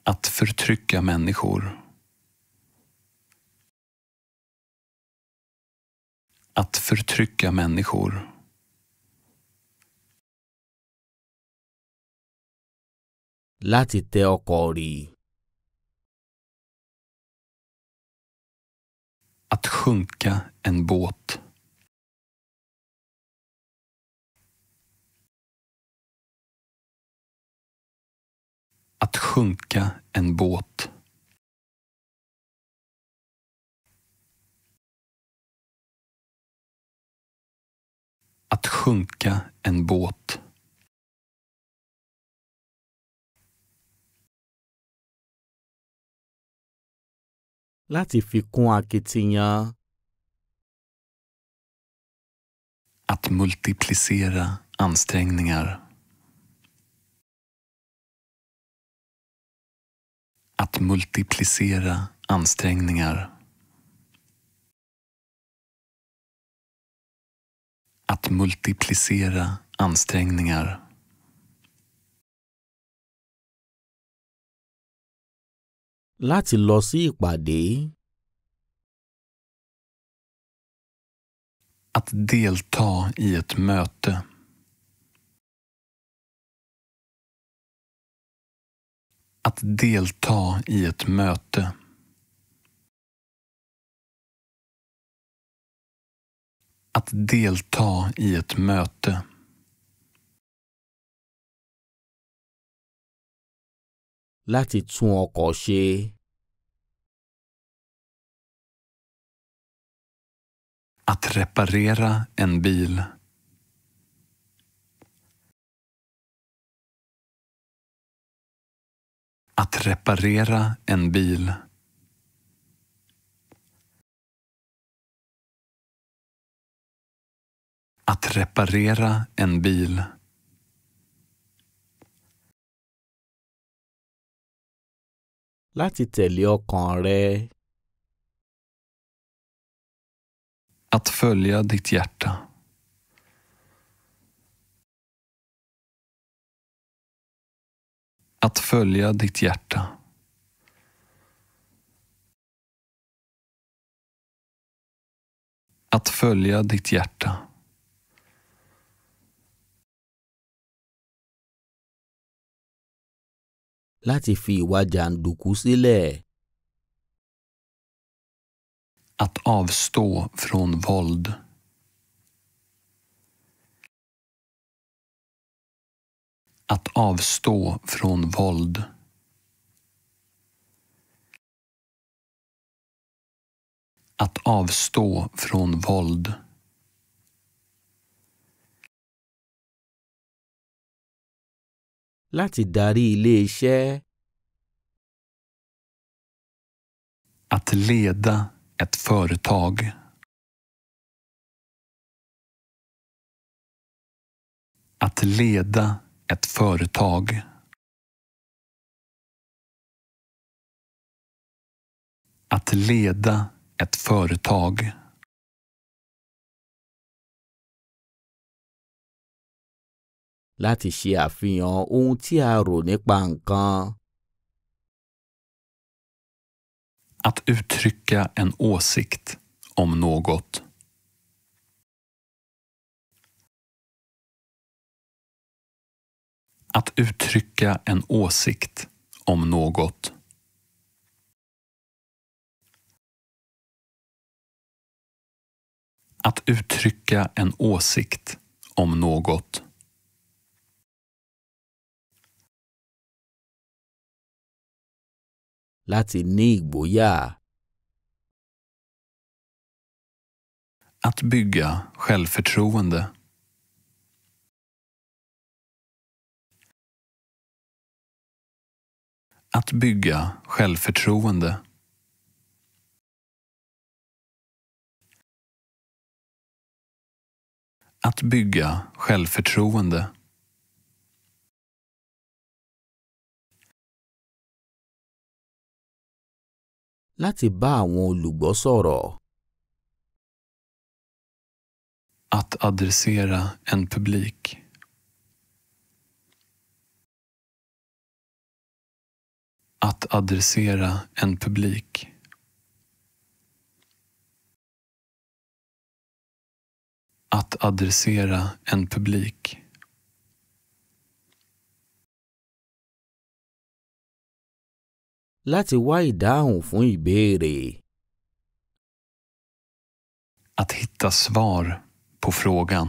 Att förtrycka människor. Att förtrycka människor. Láti tẹ ọkọ̀ Att sjunka en båt. Att sjunka en båt. Att sjunka en båt. láti fi kún akitiyan. Att multiplicera ansträngningar. Att multiplicera ansträngningar. Att multiplicera ansträngningar. láti lọ sí ìpàdé. Att delta i ett möte. Att delta i ett möte. Att delta i ett möte. láti tún ọkọ̀ ṣe. Att reparera en bil. Att reparera en bil. Att reparera en bil. láti tẹ̀lé ọkàn rẹ. Att följa ditt hjärta. Att följa ditt hjärta. Att följa ditt hjärta. láti fi ìwà jàǹdùkú sílẹ̀. Att avstå från våld. Att avstå från våld. Att avstå från våld. láti darí ilé-iṣẹ́. Att leda ett företag. Att leda ett företag. Att leda ett företag. láti ṣe àfihàn ohun tí a rò nípa nǹkan. Att uttrycka en åsikt om något. Att uttrycka en åsikt om något. Att uttrycka en åsikt om något. láti ní ìgboyà. Att bygga självförtroende. Att bygga självförtroende. Att bygga självförtroende. láti bá àwọn olùgbọ́ sọ̀rọ̀. Att adressera en publik. Att adressera en publik. Att adressera en publik. láti wá ìdáhùn fún ìbéèrè. Att hitta svar på frågan.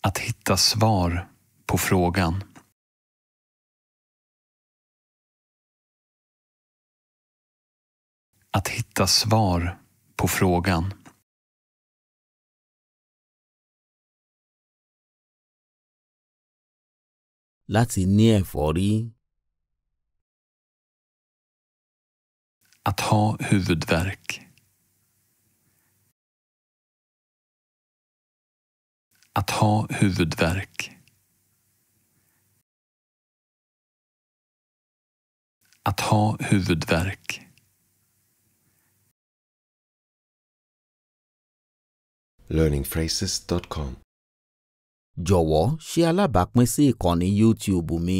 Att hitta svar på frågan. Att hitta svar på frågan. láti ní ẹ̀fọ́rí. Att ha huvudvärk. Att ha huvudvärk. Att ha huvudvärk. learningphrases.com jọ̀wọ́ ṣe alábàápín sí ìkànnì YouTube mi